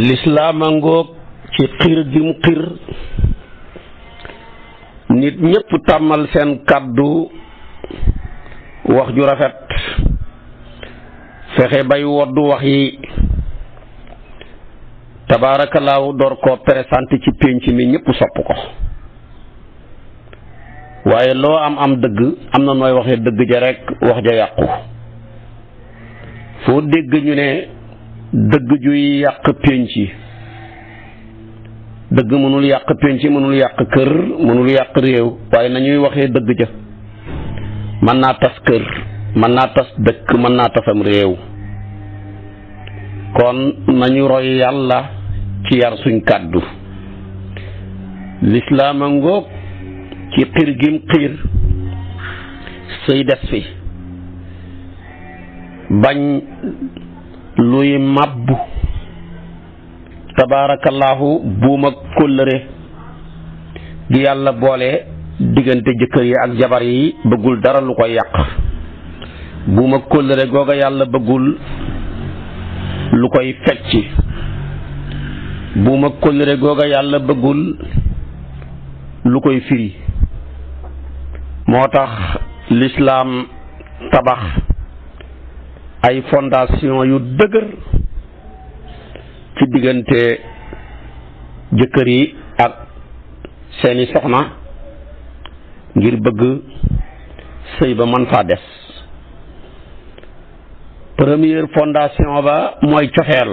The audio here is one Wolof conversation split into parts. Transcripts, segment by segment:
lislaama ngoog ci xir gim xir nit ñépp tàmmal seen kàddu wax ju rafet fexe bay woddu wax yi tabaarakallaahu door ko présenté ci pénc mi ñépp sopp ko waaye loo am am dëgg am na nooy waxee dëgg ja rekk wax ja yàqu foo dégg ñu ne dëgg juy yàq pénc dëgg mënul yàq pénc mënul yàq kër mënul yàq réew waaye nañuy waxee dëgg ja mën naa tas kër mën naa tas dëkk mën naa tasam réew kon nañu roy yàlla ci yar suñ kàddu lislaama ngóog ci xiir gim xiir sëy des fi bañ luy màbbu tabaarakallaahu buum ak kóllëre gi yàlla boole diggante jëkkër yi ak jabar yi bëggul dara lu ko yàq buum ak kóllëre googa yàlla bëggul lu koy fecc buum ak kóllëre googa yàlla bëggul lu koy firi moo tax lislaam tabax ay fondation yu dëgër ci diggante jëkkër yi ak seeni soxna ngir bëgg sëy ba mën faa des première fondation ba mooy cofeel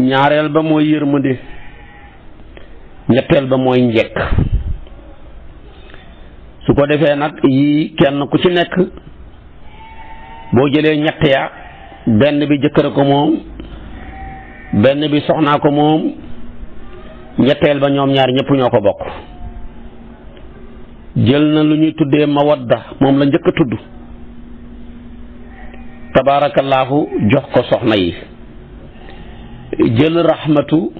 ñaareel ba mooy yërmande ñetteel ba mooy njekk su ko defee nag yii kenn ku ci nekk boo jëlee ñett ya benn bi jëkkër ko moom benn bi soxnaa ko moom ñetteel ba ñoom ñaar ñëpp ñoo ko bokk jël na lu ñuy tuddee mawadda moom la njëkk a tudd tabaarakallaahu jox ko soxna yi jël raxmatu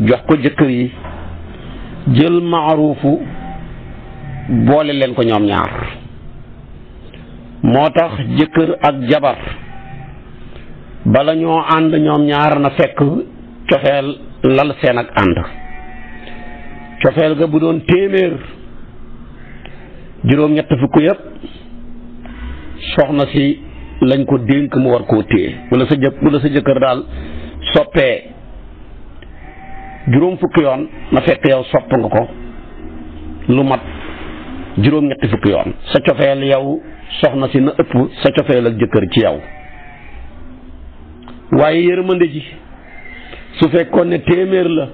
jox ko jëkkër yi jël maaruufu boole leen ko ñoom ñaar moo tax jëkkër ak jabar bala ñoo ànd ñoom ñaar na fekk cofeel lal seen ak ànd cofeel ga bu doon téeméer juróom ñett fukk yépp soxna si lañ ko dénk mu war koo téye bu sa jë bu sa jëkkër daal soppee juróom fukki yoon na fekk yow sopp nga ko lu mat juróom-ñetti fukki yoon sa cofeel yow soxna si na ëpp sa cofeel ak jëkkër ci yow waaye yërmande ji su fekkoon ne téeméer la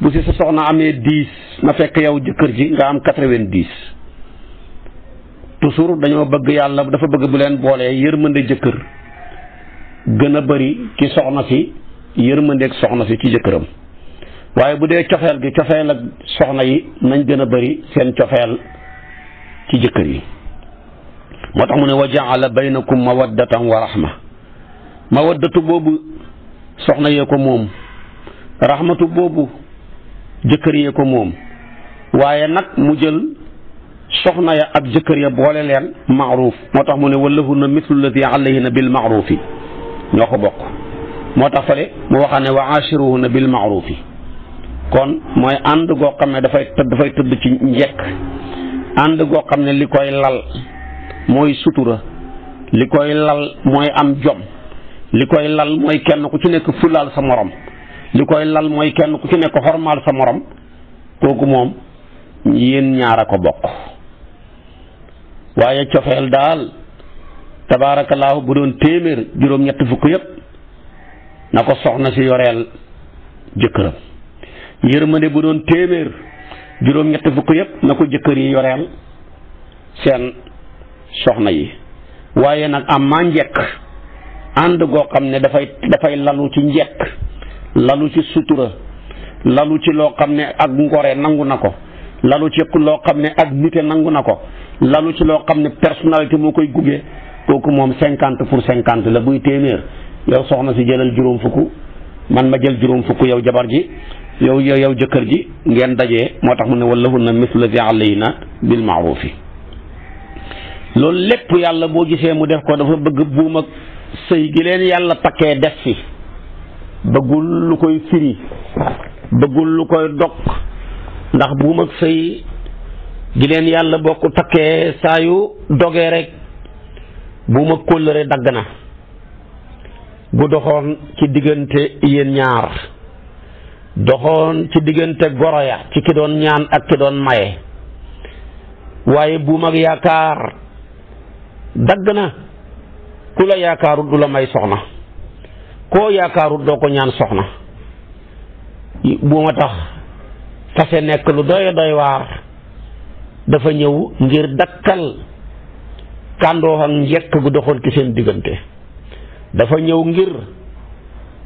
bu si sa soxna amee dix na fekk yow jëkkër ji nga am quatre-vingt-dix dañoo bëgg yàlla dafa bëgg bu leen boolee yërmande jëkkër gën a bari ci soxna si yërmandeeg soxna si ci jëkkëram waye budé ciofel gi ciofel ak soxna yi nañ gëna bari seen ciofel ci jëkkeer yi motax mu ne waja'ala bainakum mawaddatan wa rahma mawaddatu bobu soxna ye ko mom rahmatu bobu jëkkeer ye ko mom waye nak mu jël soxna ya ak jëkkeer ya boole leen maaruuf moo tax mu ne wallahu na mithlu alladhi alayhina bil maaruufi ñoko bokk motax fa le mu waxane ne wa aashiruhunna bil maaruufi kon mooy ànd goo xam ne dafay tëdd dafay tëdd ci njekk ànd goo xam ne li koy lal mooy sutura li koy lal mooy am jom li koy lal mooy kenn ku ci nekk fulaal sa morom li koy lal mooy kenn ku ci nekk xormaal sa morom kooku moom yéen ñaar a ko bokk waaye cofeel daal tabaarakallaahu bu doon téeméer juróom-ñett fukk yépp na ko soxna si yoreel jëkkëram ne bu doon téeméer juróom-ñetti fukk yëpp na ko jëkkër yi yoreel seen soxna yi waaye nag am maa njekk ànd goo xam ne dafay dafay lalu ci njekk lalu ci sutura lalu ci loo xam ne ak ngore nangu na ko lalu ci loo xam ne ak nite nangu na ko lalu ci loo xam ne personnalité moo koy gugee kooku moom cinquante pour cinquante la buy téeméer yow soxna si jëlal juróom fukk man ma jël juróom fukk yow jabar ji yow yow yow jëkkër ji ngeen daje moo tax mu ne na walahunna mislu zi alayna bil maarufi loolu lépp yàlla boo gisee mu def ko dafa bëgg buum ak sëy gi leen yàlla takkee def fi lu koy firi lu koy dog ndax buum ak sëy yàlla bokk takkee saa dogee rek buum ak kóllëre dagg na bu doxoon ci diggante yéen ñaar doxoon ci diggante goroya ci ki doon ñaan ak ki doon maye waaye buum ak yaakaar dagg na ku la yaakaarut du la may soxna koo yaakaarut doo ko ñaan soxna buuma tax fase nekk lu doy doy waar dafa ñëw ngir dakkal kàndoo ak njekk gu doxoon ci seen diggante dafa ñëw ngir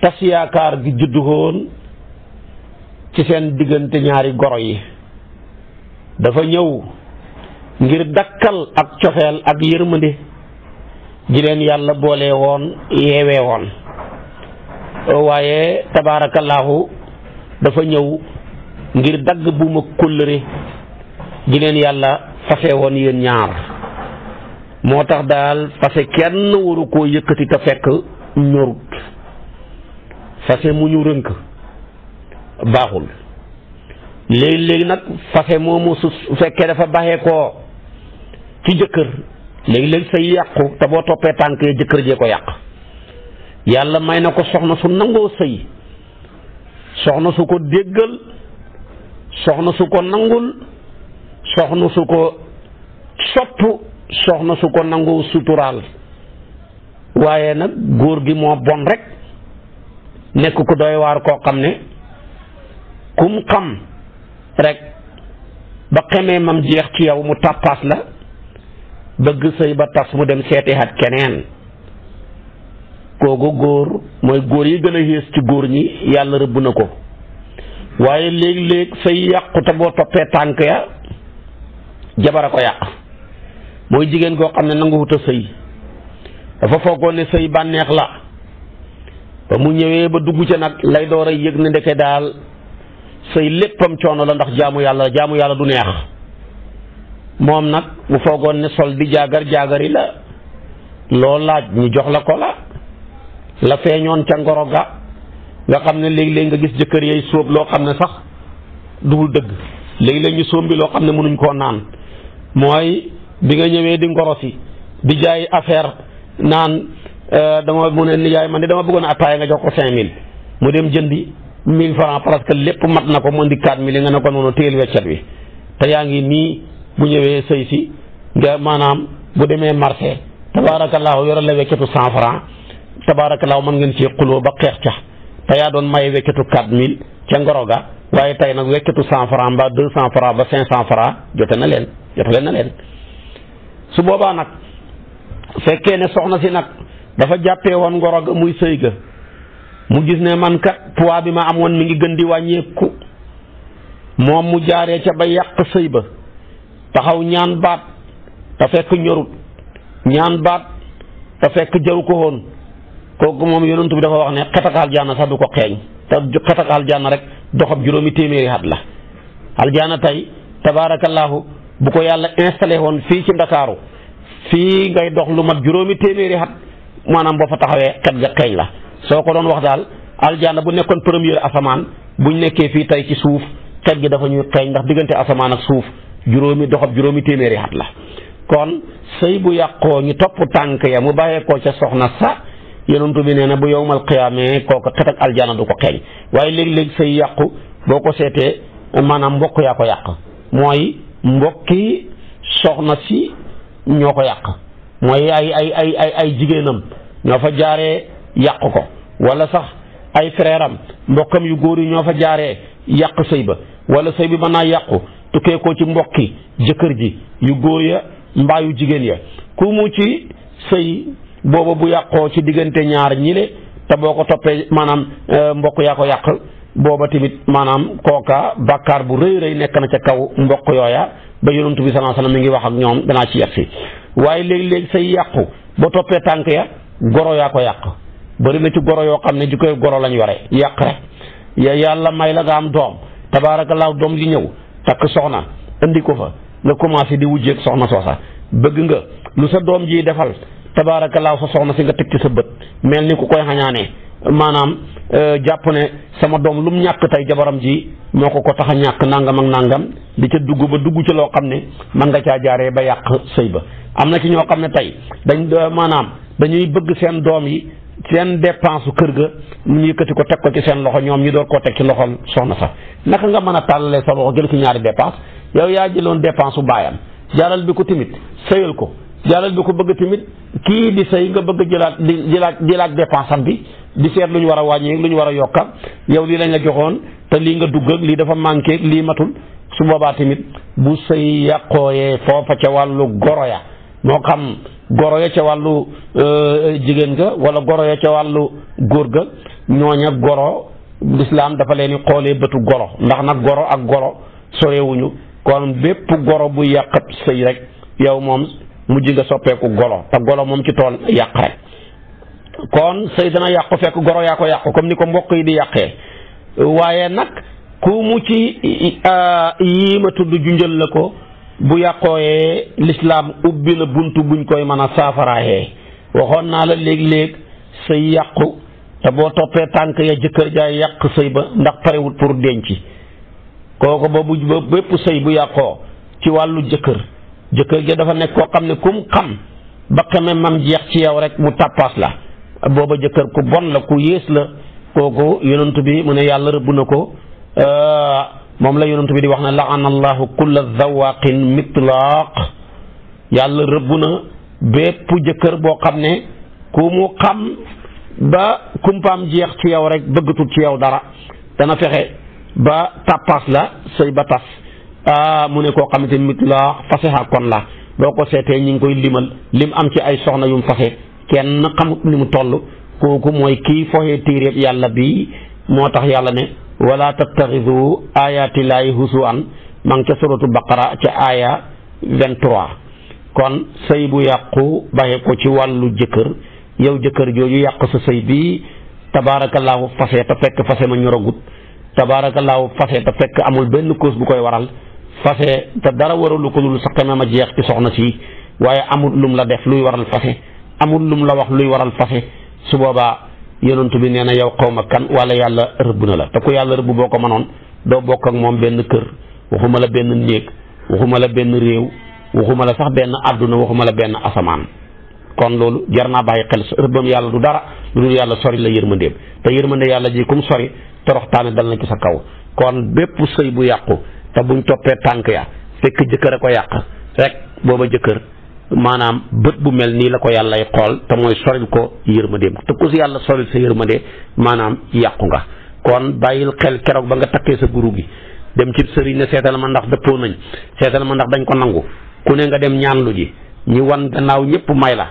tas yaakaar gi juddu woon ci seen diggante ñaari goro yi dafa ñëw ngir dakkal ak coxeel ak yërmande ji yàlla boole woon yeewee woon waaye tabaarakallaahu dafa ñëw ngir dagg bu ma kóllëre ji leen yàlla fase woon yéen ñaar moo tax daal fase kenn waru ko yëkkati te fekk ñorut fase mu ñu rënk baaxul léegi-léegi nag fase moomu su fekkee dafa baxee koo ci jëkkër léegi-léegi say yàqu te boo toppee tànk yi jëkkër jee ko yàq yàlla may na ko soxna su nangoo sëy soxna su ko déggal soxna su ko nangul soxna su ko sopp soxna su ko nangu suturaal waaye nag góor gi moo bon rek nekk ko doy waar koo xam ne kum xam rekk ba xemee mam jeex ci yow mu tàppaas la bëgg sëy ba tas mu dem seete hat keneen kooku góor mooy góor yi gën a yées ci góor ñi yàlla rëbb na ko waaye léeg-léeg sëy yàqu boo toppee tànk ya jabara ko yàq mooy jigéen koo xam ne nanguwut a sëy dafa foogoon ne sëy bànneex la ba mu ñëwee ba dugg ca nag lay door a yëg ne ndeke daal sëy léppam coono la ndax jaamu yàlla jaamu yàlla du neex moom nag mu foogoon ne sol di jaagar jaagari la loo laaj ñu jox la ko la la feeñoon ca ngoro ga nga xam ne léegi-léegi nga gis jëkkër yay sóob loo xam ne sax dugul dëgg léegi-léegi ñu sóom bi loo xam ne mënuñ koo naan mooy bi nga ñëwee di ngoro si di jaay affaire naan eh, dama mu ne nijaay man de dama bëggoon attaaya nga jox ko cinq mille mu dem jëndi mille francs parce que lépp mat na mo ndi indi quatre nga nako ko teel téel bi ta yaangi ni bu ñewé sey si nga manam bu démé marché tabarakallah yore la weccetu cent francs tabarakallah man ngeen ci xulo ba xex ca ta ya doon may weccetu 4000 ca ga waaye tey nag francs ba 200 francs ba 500 francs jote na leen jote na len su boba nak fekké né soxna ci nak dafa jappé won ngoroga muy sey ga mu gis ne man kat poids bi ma amoon mi ngi gën di wàññeeku moom mu jaaree ca ba yàq sëy ba taxaw ñaan baat te fekk ñorut ñaan baat te fekk jaru ko woon kooku moom yonent bi dafa wax ne xetak aljaana sax du ko xeeñ te xetak aljaana rek doxab juróomi téeméeri at la aljaana tey tabaarakallaahu bu ko yàlla installé woon fii ci ndakaaru fii ngay dox lu mat juróomi téeméeri at maanaam boo fa taxawee xet ga xeeñ la soo ko doon wax daal aljanna bu nekkoon première asamaan buñ nekkee fii tey ci suuf xet gi dafa ñuy xeeñ ndax diggante asamaan ak suuf juróomi doxab juróomi téeméer at la kon sëy bu yàqoo ñu topp tànk ya mu bàyyeekoo ca soxna sa yonent bi nee na bu yowmal qiyaamee kooka xet ak aljanna du ko xeeñ waaye léegi léeg sëy yàqu boo ko seetee maanaam mbokk yaa ko yàq mooy mbokki soxna si ñoo ko yàq mooy ay ay ay ay ay jigéenam ñoo fa jaaree yàq ko wala sax ay frère am mbokkam yu góor yi ñoo fa jaaree yàq sëy ba wala sëy bi mën naa yàqu tukkee ko ci mbokki jëkkër ji yu góor ya mbaa yu jigéen ya ku ci sëy booba bu yàqoo ci diggante ñaar ñile te boo ko toppee maanaam euh, mbokk yaa ko yàq booba tamit maanaam kooka bàkkaar bu rëy rëy nekk na ca kaw mbokk yooya ba yonent bi sallallahu alayhi wasallam mi ngi wax ak ñoom danaa ci yegsi waaye léegi-léegi say yàqu ba toppee tànk ya goro yaa ko yàq bëri ci goro yoo xam ne jikkoy goro lañ yore yàq rek yàlla may la nga am doom laaw doom ji ñëw takk soxna indi ko fa nga commencé di wujjeeg soxna soosa bëgg nga lu sa doom ji defal tabaarakallaahu sa soxna si nga teg ci sa bët mel ni ku koy xañaanee maanaam euh, jàpp ne sama doom lu mu ñàkk tey jabaram ji moo ko ko tax a ñàkk nangam ak nangam di ca dugg ba dugg ci loo xam ne mën nga caa jaaree ba yàq sëy ba am na ci ñoo xam ne tey dañ euh, seen dépense kër ga ñu yëkkati ko teg ko ci seen loxo ñoom ñu door koo teg ci loxol soxna sax naka nga mën a tàllalee sa loxo jël ci ñaari dépense yow yaa jëloon dépense bu baayam jaral bi ko tamit sëyal ko jaral bi ko bëgg tamit kii di sëy nga bëgg jëlaat di jëlaat jëlaat dépense bi di seet lu ñu war a wàññi lu ñu war a yokka yow lii lañ la joxoon te lii nga dugg lii dafa manqué lii matul su boobaa tamit bu sëy yàqooyee foofa ca wàllu goro ya goro ya ca wàllu euh, jigéen ga wala goro ya ca wàllu góor ga ñooña goro lislaam dafa leen xoolee bëtu golo ndax nag goro ak goro sorewuñu kon bépp goro bu yàq sëy rek yow moom mujj nga soppeeku golo te golo moom ci tool yàq rek kon sëy dana yàqu fekk goro yaa ko yàqu comme ni ko mbokk yi di yàqee waaye nag ku mu ci yii ma tudd junjal la ko bu yàqooyee lislaam ubbi na bunt buñ koy mën a saafaraayee waxoon naa la léeg-léeg sëy yàqu te boo toppee tànk ya jëkkër jaay yàq sëy ba ndax parewul pour denc kooku ba bu ba bépp sëy bu yàqoo ci wàllu jëkkër jëkkër ja dafa nekk koo xam ne kum xam ba xamee mam jeex ci yow rek mu tàppaas la booba jëkkër ku bon la ku yées la kooku yonent bi mu ne yàlla rëbb na ko euh, moom la yonent bi di wax ne laana allahu kulla zawaqin mitlaaq yàlla rëbb na bépp jëkkër boo xam ne ku mu xam ba kumpaam jeex ci yow rek bëggatul ci yow dara dana fexe ba tàppaas la sëy ba tas ah mu ne koo xamante mitlaax fasexa kon la boo ko seetee ñu ngi koy limal lim am ci ay soxna yum fase kenn xamut ni mu toll kooku mooy kii foxee téeréeb yàlla bi moo tax yàlla ne wala tattaxidu ayati laahi husuwan ma ngi ca suratu baqara ca aaya 23 kon sëy bu yàqu baxe ko ci wàllu jëkkër yow jëkkër jooju yàq sa sëy bi tabaarakallaahu fase te fekk fase ma ñoragut tabaarakallaahu fase te fekk amul benn cause bu koy waral fase te dara waralu ko dul sa xemam a jeex ci soxna si waaye amul lum la def luy waral fase amul lum la wax luy waral fase su boobaa yonent bi nee na yow xaw ma kan wala yàlla rëbb na la te ku yàlla rëbb boo ko mënoon doo bokk ak moom benn kër waxuma la benn néeg waxuma la benn réew waxuma la sax benn àdduna waxuma la benn asamaan kon loolu jar naa bàyyi xel rëbbam yàlla du dara lu dul yàlla sori la yërmandeem te yërmande yàlla ji kum sori toroxtaane dal na ci sa kaw kon bépp sëy bu yàqu te buñ toppee tànk ya fekk jëkkër a ko yàq rek booba jëkkër maanaam bët bu mel nii la ko yàllay xool te mooy soril ko yërmandeem te ku si yàlla soril sa yërmande maanaam yàqu nga kon bàyyil xel keroog ba nga takkee sa guru gi dem ci sëriñ ne seetal ma ndax dëppoo nañ seetal ma ndax dañ ko nangu ku ne nga dem ñaan lu ji ñi wan gannaaw ñëpp may la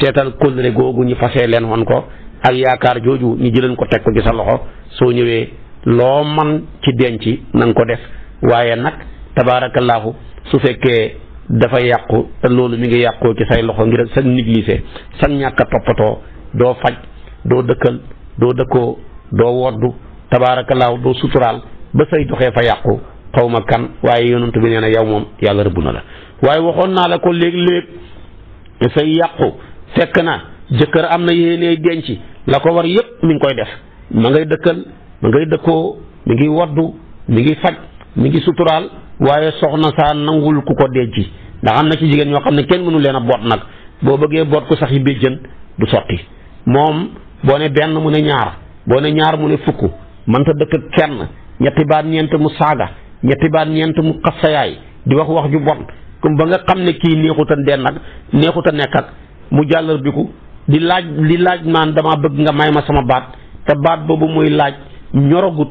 seetal kóllëre googu ñu fasee leen woon ko ak yaakaar jooju ñu jëleen ko teg ko ci sa loxo soo ñëwee loo man ci denc na nga ko def waaye nag tabaarakallaahu su fekkee dafa yàqu te loolu mi ngi yàqoo ci say loxo ngir sag négligé sag ñàkk a toppatoo doo faj doo dëkkal doo dëkkoo doo woddu tabaarakallaahu doo suturaal ba say doxee fa yàqu xaw ma kan waaye yonent bi nee na yow moom yàlla rëbb na la waaye waxoon naa la ko léeg-léeg say yàqu fekk na jëkkër am na yéenee denc la ko war yépp mi ngi koy def ma ngay dëkkal ma ngay dëkkoo mu ngi woddu mi ngi faj mu ngi suturaal waaye soxna saa nangul ku ko ji ndax am na ci jigéen ñoo xam ne kenn mënu leen a boot nag boo bëggee boot ko sax yi béjjën du sotti moom boo ne benn mu ne ñaar boo ne ñaar mu ne fukk mënta dëkk ak kenn ñetti baat ñeent mu saaga ñetti baat ñeent mu xasayaay di wax wax ju bon kon ba nga xam ne kii neexut a den nag neexut a nekk ak mu jàllar biku di laaj di laaj naan dama bëgg nga may ma sama baat te baat boobu muy laaj ñorogut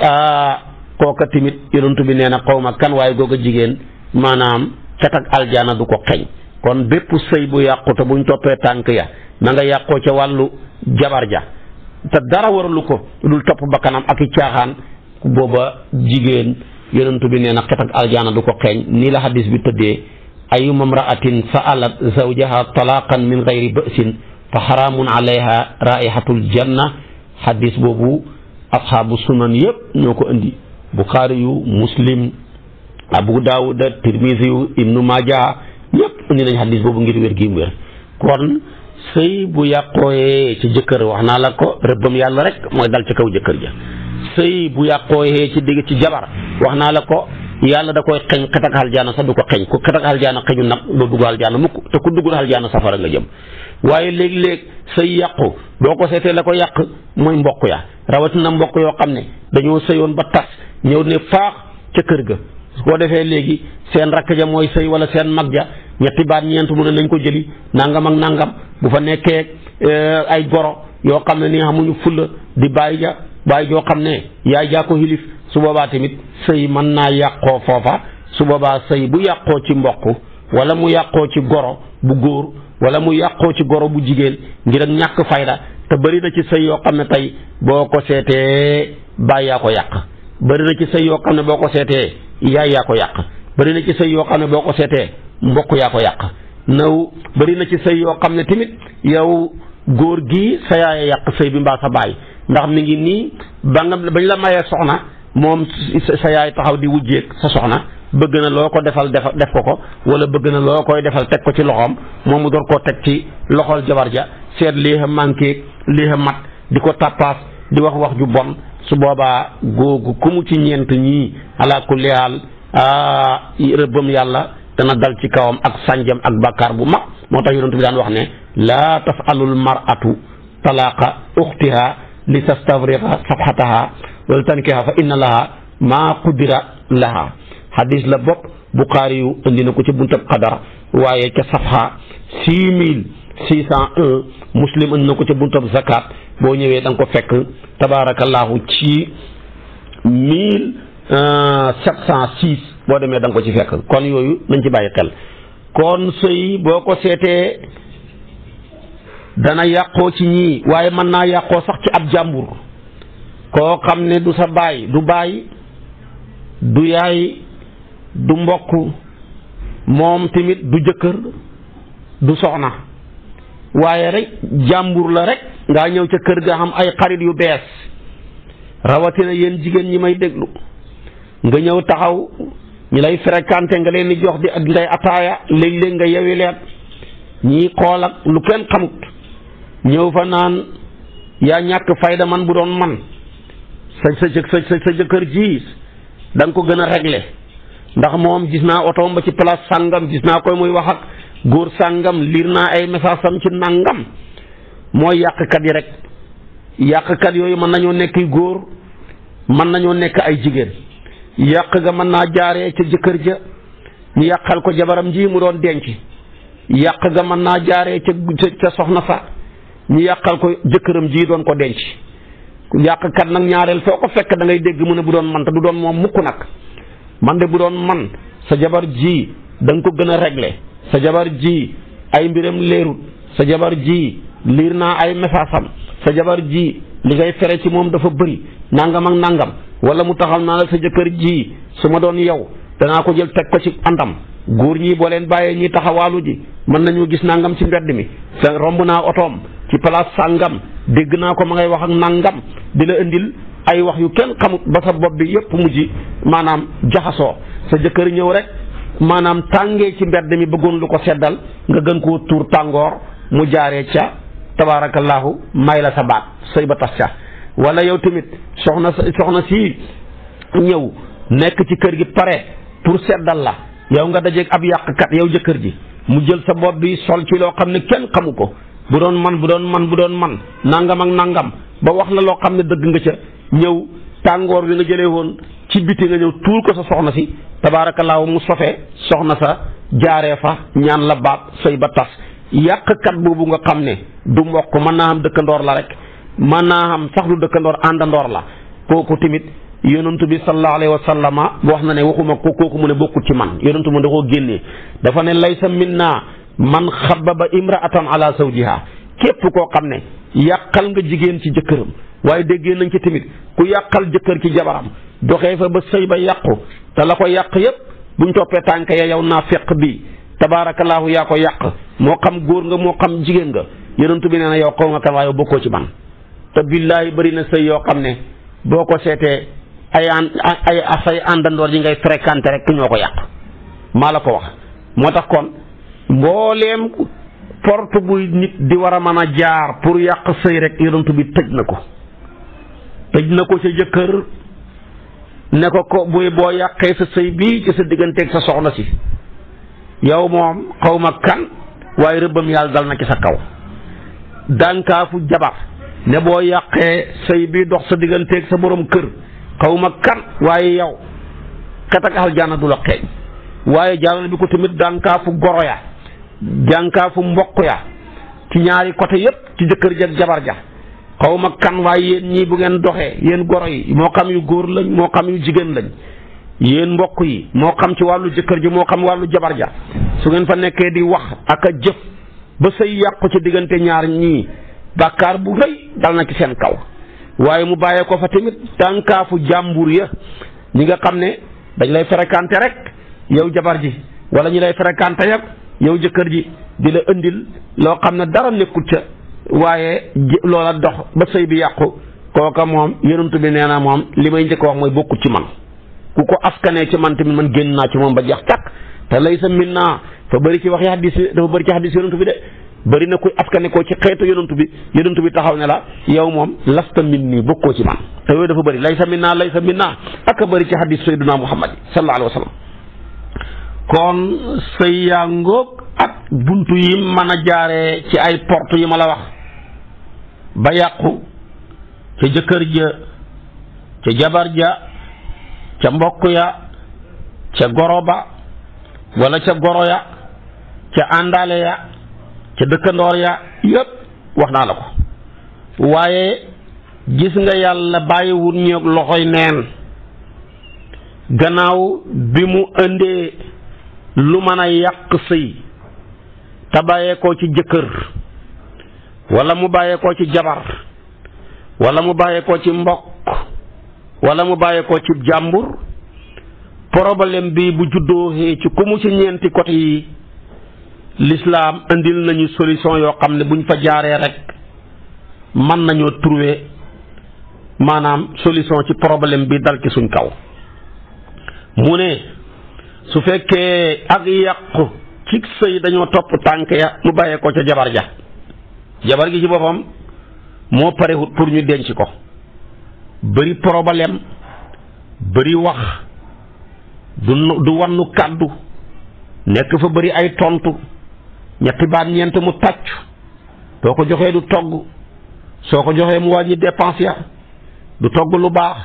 ah, kooka tamit yonantu bi nee na xaw ma kan waaye a jigéen maanaam xetak aljaana du ko xeeñ kon bépp sëy bu yàqu te buñ toppee tànk ya na nga yàqoo ca wàllu jabar ja te dara waralu ko lu topp bakkanam ak i caaxaan booba jigéen yeneentu bi nee na cat ak aljaana du ko xeeñ nii la hadis bi tëddee ayuma mraatin saalat zawjaha talaqan min gayri basin fa xaraamun alayha raihatul janna hadis boobu asxaabu sunan yépp ñoo ko indi buxaari yu muslim abu daawuda tirmisi yu ibnu maja ñëpp indi nañ xadis boobu ngir wér gi mu wér kon sëy bu yàqooyee ci jëkkër wax naa la ko rëbbam yàlla rek mooy dal ci kaw jëkkër ja sëy bu yàqooyee ci digg ci jabar wax naa la ko yàlla da koy xeñ xetak aljaana sax du ko xeñ ku xetak aljaana xeñu nag doo dugg aljaana mukk te ku duggul aljaana safara nga jëm waaye léeg-léeg sëy yàqu boo ko seetee la ko yàq mooy mbokk ya rawatina mbokk yoo xam ne dañoo sëyoon ba tas ñëw ne faax ca kër ga su defee léegi seen rakk ja mooy sëy wala seen mag ja ñetti baat ñeent mu ne nañ ko jëli nangam ak nangam bu fa nekkee eh, ay goro yoo xam ne ni amuñu fulla di bàyyi ja bàyyi joo xam ne yaay jaa ko xilif su boobaa tamit sëy mën naa yàqoo foofa su boobaa sëy bu yàqoo ci mboq wala mu yàqoo ci goro bu góor wala mu yàqoo ci goro bu jigéen ngir ñàkk fayda te bëri na ci sëy yoo xam ne tey boo ko seetee baay ko yàq bëri na ci sëy yoo xam ne boo ko seetee yaay yaa ko yàq bëri na ci sëy yoo xam ne boo ko seetee mbokk yaa ko yàq naw bëri na ci sëy yoo xam ne tamit yow góor gi sa yaay yàq sëy bi mbaa sa baay ndax mi ngi nii ba nga bañ la mayee soxna moom sa yaay taxaw di wujjeeg sa soxna bëgg na loo ko defal def def ko ko wala bëgg na loo koy defal teg ko ci loxoom moom mu door koo teg ci loxol jabar ja seet lii a manqué lii mat di ko tappaas di wax wax ju bon su boobaa googu ku mu ci ñeent ñii ala kulli haal rëbbam yàlla dana dal ci kawam ak sànjam ak bàkkaar bu mag moo tax yonent bi daan wax ne laa tafalul mar'atu talaaqa uxtiha li tastafriqa safxataha wala tankiha fa inna laha maa qudira laha hadis la bopp Buxaari yu indi na ko ci buntab qadar waaye ca safha six mille six cent un muslim indi na ko ci buntab zakat boo ñëwee danga nga ko fekk tabaarakallaahu ci mille euh, sept boo demee danga ko ci fekk kon yooyu nañ ci bàyyi xel kon sëy boo ko seetee dana yàqoo ci ñii waaye mën naa yàqoo sax ci ab jàmbur koo xam ne du sa baay du baay du yaay du mbokk moom tamit du jëkkër du soxna waaye rek jàmbur la rek ngaa ñëw ca kër ga xam ay xarit yu bees rawatina yéen jigéen ñi may déglu nga ñëw taxaw ñi lay fréquenté nga leen di jox di ngay ataaya léeg-léeg nga yewi leen ñi xool lu kenn xamut ñëw fa naan yaa ñàkk fayda man bu doon man sa sa sa sa jëkkër ji danga ko gën a regle ndax moom gis naa otoom ba ci place sàngam gis naa koy muy wax ak góor sàngam liir naa ay message sam ci nàngam mooy yàqkat yi rek yàqkat yooyu mën nañoo nekk góor mën nañoo nekk ay jigéen yàq ga mën naa jaare ca jëkkër ja ñu yàqal ko jabaram ji mu doon denc yàq ga mën naa jaaree ca ca soxna sa ñu yàqal ko jëkkëram jii doon ko denc yàqkat nag ñaareel foo ko fekk da ngay dégg mu ne bu doon man te du doon moom mukk nag man de bu doon man sa jabar ji danga ko gën a régler sa jabar ji ay mbiram leerut sa jabar ji liir naa ay message sa jabar ji li ngay fere ci moom dafa bëri nangam ak nangam wala mu taxaw naa la sa jëkkër jii su ma doon yow danaa ko jël teg ko ci àndam góor ñii boo leen bàyyee ñi taxawaalu ji mën nañu gis nangam ci mbedd mi sa romb naa otoom ci place sàngam dégg naa ko ma ngay wax nangam di la indil ay wax yu kenn xamut ba sa bopp bi yëpp mujj maanaam jaxasoo sa jëkkër ñëw rek maanaam tàngee ci mbedd mi bëggoon lu ko seddal nga gën koo tuur tàngoor mu jaaree ca tabaarakallaahu may la sa baat sëy ba tas ca wala yow tamit soxna soxna si ñëw nekk ci kër gi pare pour seddal la yow nga dajeeg ab yàqkat yow jëkkër ji mu jël sa bopp bi sol ci loo xam ne kenn xamu ko bu doon man bu doon man bu doon man nangam ak nangam ba wax la loo xam ne dëgg nga ca ñëw tàngoor bi nga jëlee woon ci biti nga ñëw tuur ko sa soxna si tabaarakallaahu mu sofee soxna sa jaaree fa ñaan la baat sëy ba tas yàqkat boobu nga xam ne du mbokk mën naa am dëkkandoor la rek mën naa am sax du dëkkandoor àndandoor la kooku tamit yonantu bi sallallahu alayhi wa sallama wax na ne waxuma ko kooku mu ne bokkut ci man yonantu mu da koo génnee dafa ne laysa minna man xababa imraatan ala zawjiha képp koo xam ne yàqal nga jigéen ci jëkkëram waaye déggee nañ ci tamit ku yàqal jëkkër ci jabaram doxee fa ba sëy ba yàqu te la ko yàq yépp buñ toppee tànk ya yow naa feq bi tabaarakallaahu yaa ko yàq moo xam góor nga moo xam jigéen nga yonentu bi nee na yow xaw nga kan waaye yow bokkoo ci man te billaahi bëri na sëy yoo xam ne boo ko seetee ay ay say àndandoor yi ngay fréquenté rek ñoo ko yàq maa la ko wax moo tax kon mbooleem porte buy nit di wara mana jaar pour yàq sëy rek yonent bi tëj na ko tëj na ko sa jëkkër ne ko ko buy boo yàqee sa sëy bii ci sa digganteeg sa soxna si yow moom xaw ma kan waaye rëbbam yàlla dal na ci sa kaw jabar ne boo yàqee sëy bi dox sa digganteeg sa borom kër xaw ma kan waaye yow kat ak aljanna du la xeeñ waaye jàllal bi ko tamit jànkaafu mbokk ya ci ñaari côté yépp ci jëkkër ja ak jabar ja xaw ma kan waaye yéen ñii bu ngeen doxee yéen goro yi moo xam yu góor lañ moo xam yu jigéen lañ yéen mbokk yi moo xam ci wàllu jëkkër ji moo xam wàllu jabar ja su ngeen fa nekkee di wax ak a jëf ba sëy yàqu ci diggante ñaar ñii bàkkaar bu rëy dal na ci seen kaw waaye mu bàyyee ko fa tamit tànkaafu jàmbur ya ñi nga xam ne dañ lay fréquenté rek yow jabar ji wala ñi lay fréquenté yëpp yow jëkkër ji di la indil loo xam ne dara nekkul ca waaye loola dox ba sëy bi yàqu kooka moom yonent bi nee na moom li may njëkk wax mooy bokkut ci man ku ko askanee ci man tamit man génn naa ci moom ba jeex càkk te lay sa min naa fa bëri ci wax xadis dafa bëri ci xadis yonent bi de bëri na kuy askane koo ci xeetu yonent bi yonent bi taxaw ne la yow moom lasta min nii bokkoo ci man te yooyu dafa bëri lay sa min naa lay sa min naa ak a bëri ci xadis sayyiduna Muhammad sallallahu kon sëy yaa ngóog ak bunt yi mën a jaare ci ay port yi ma la wax ba yàqu ca jëkkër ja ca jabar ja ca mbokk ya ca goro ba wala ca goro ya ca àndale ya ca dëkkandoor ya yépp wax naa la ko waaye gis nga yàlla bàyyiwul ñoog loxoy neen gannaaw bi mu indee lu mën a yàq sëy te bàyyeekoo ci jëkkër wala mu bàyyeekoo ci jabar wala mu bàyyeekoo ci mbokk wala mu bàyyeekoo ci jàmbur porobalem bi bu juddoo ci ku mu ci ñeenti côté yi lislaam indil nañu solution yoo xam ne buñ fa jaaree rek mën nañoo trouver maanaam solution ci problème bi dal ci suñ kaw mu ne su fekkee ak yàqu ci sëy dañoo topp tànk ya mu bàyyee ko ca jabar ja jabar gi ci boppam moo parewut pour ñu denc ko bëri problème bëri wax du du wannu kàddu nekk fa bari ay tontu ñetti baat ñeent mu tàcc soo ko joxee du togg soo ko joxee mu wàññi dépense ya du togg lu baax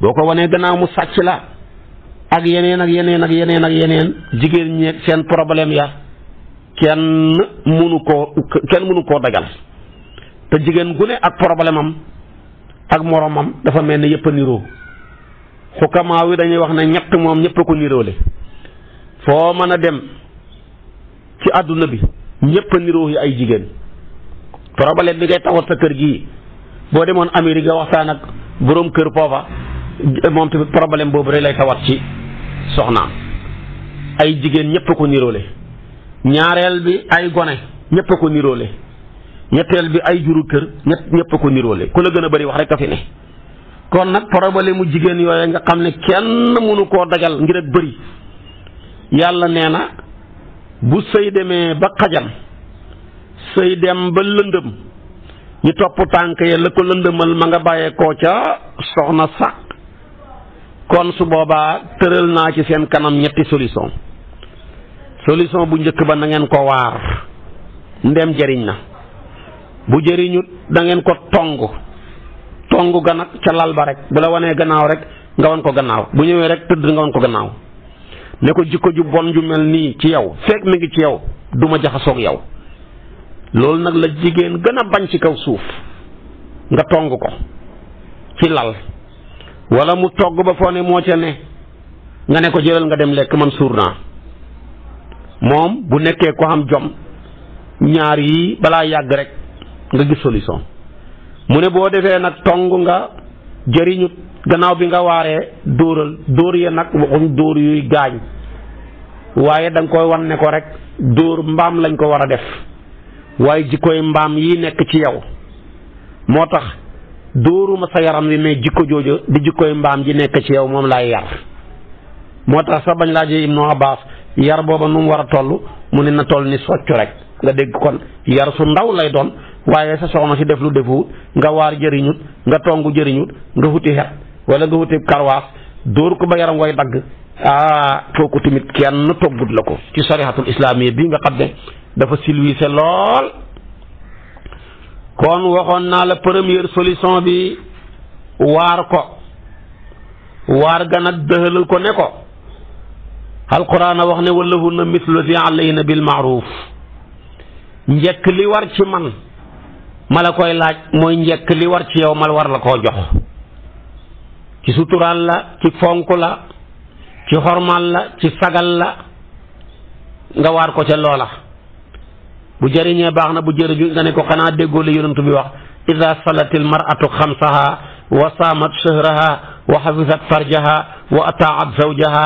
boo ko wanee gannaaw mu sàcc la ak yeneen ak yeneen ak yeneen ak yeneen jigéen ñeeg seen problème ya kenn mënu koo kenn mënu koo dajal te jigéen gu ak problème am ak moroomam dafa mel ne yëpp niroo xukamaa wi dañuy wax ne ñett moom ñëpp a ko niroole foo mën a dem ci àdduna bi ñëpp a niroo yi ay jigéen problème bi ngay tawat sa kër gii boo demoon Amérique nga waxtaan ak boroom kër foofa moom tamit problème boobu rek lay tawat ci soxnaam ay jigéen ñépp ko niroole ñaareel bi ay gone ñëpp ko niroole ñetteel bi ay juru kër ñépp ñëpp ko niroole ku la gën a bari wax rek a fi ne. kon nag problème mu jigéen yooyu nga xam ne kenn mënu koo dagal ngir ak bëri yàlla nee na bu sëy demee ba xajam sëy dem ba lëndëm ñu topp tànk ya la ko lëndëmal ma nga bàyyeekoo ca soxna sa kon su boobaa tëral naa ci seen kanam ñetti solution solution bu njëkk ba na ngeen ko waar ndem jëriñ na bu jëriñut dangeen ko tong tong ga nag ca lal ba rek bu la wanee gannaaw rek nga wan ko gannaaw bu ñëwee rek tëdd nga wan ko gannaaw ne ko jikko ju bon ju mel nii ci yow fekk mi ngi ci yow du ma jaxasoog yow loolu nag la jigéen gën a bañ ci kaw suuf nga tong ko ci lal wala mu togg ba foo ne moo ca ne nga ne ko jëlal nga dem lekk man suur naa moom bu nekkee ko xam jom ñaar yi balaa yàgg rek nga gis solution mu ne boo defee nag tong nga jëriñut gannaaw bi nga waaree dóoral dóor ya nag waxuñ dóor yuy gaañ waaye da nga koy wan ne ko rek dóor mbaam lañ ko war a def waaye jikkoy mbaam yi nekk ci yow moo tax dóoruma sa yaram wi mais jikko joojo di jikkoy mbaam ji nekk ci yow moom laay yar moo tax sa bañ laa laajee Ibnu Abbas yar booba nu mu war a toll mu ne na toll ni soccu rek nga dégg kon yar su ndaw lay doon waaye sa soxna si def lu defu nga waar jëriñut nga tongu jëriñut nga wuti xet wala nga wuti karwaas dóor ko ba yaram woy dagg ah kooku tamit kenn toggut la ko ci sarihatul islaamiyya bi nga xam ne dafa silwiise lool kon waxoon naa la première solution bi waar ko waar ga nag ko ne ko alquran a wax ne walahunna mislu si alayna bil maaruf njekk li war ci man ma la koy laaj mooy njekk li war ci yow ma war la koo jox ci suturaal la ci fonk la ci xormaal la ci sagal la nga waar ko ca loola bu jëriñee baax na bu jëriñu nga ne ko xanaa déggoo la yonent bi wax ida salatil mar'atu xamsaha wa saamat shahraha wa xafisat farjaha wa ataat zawjaha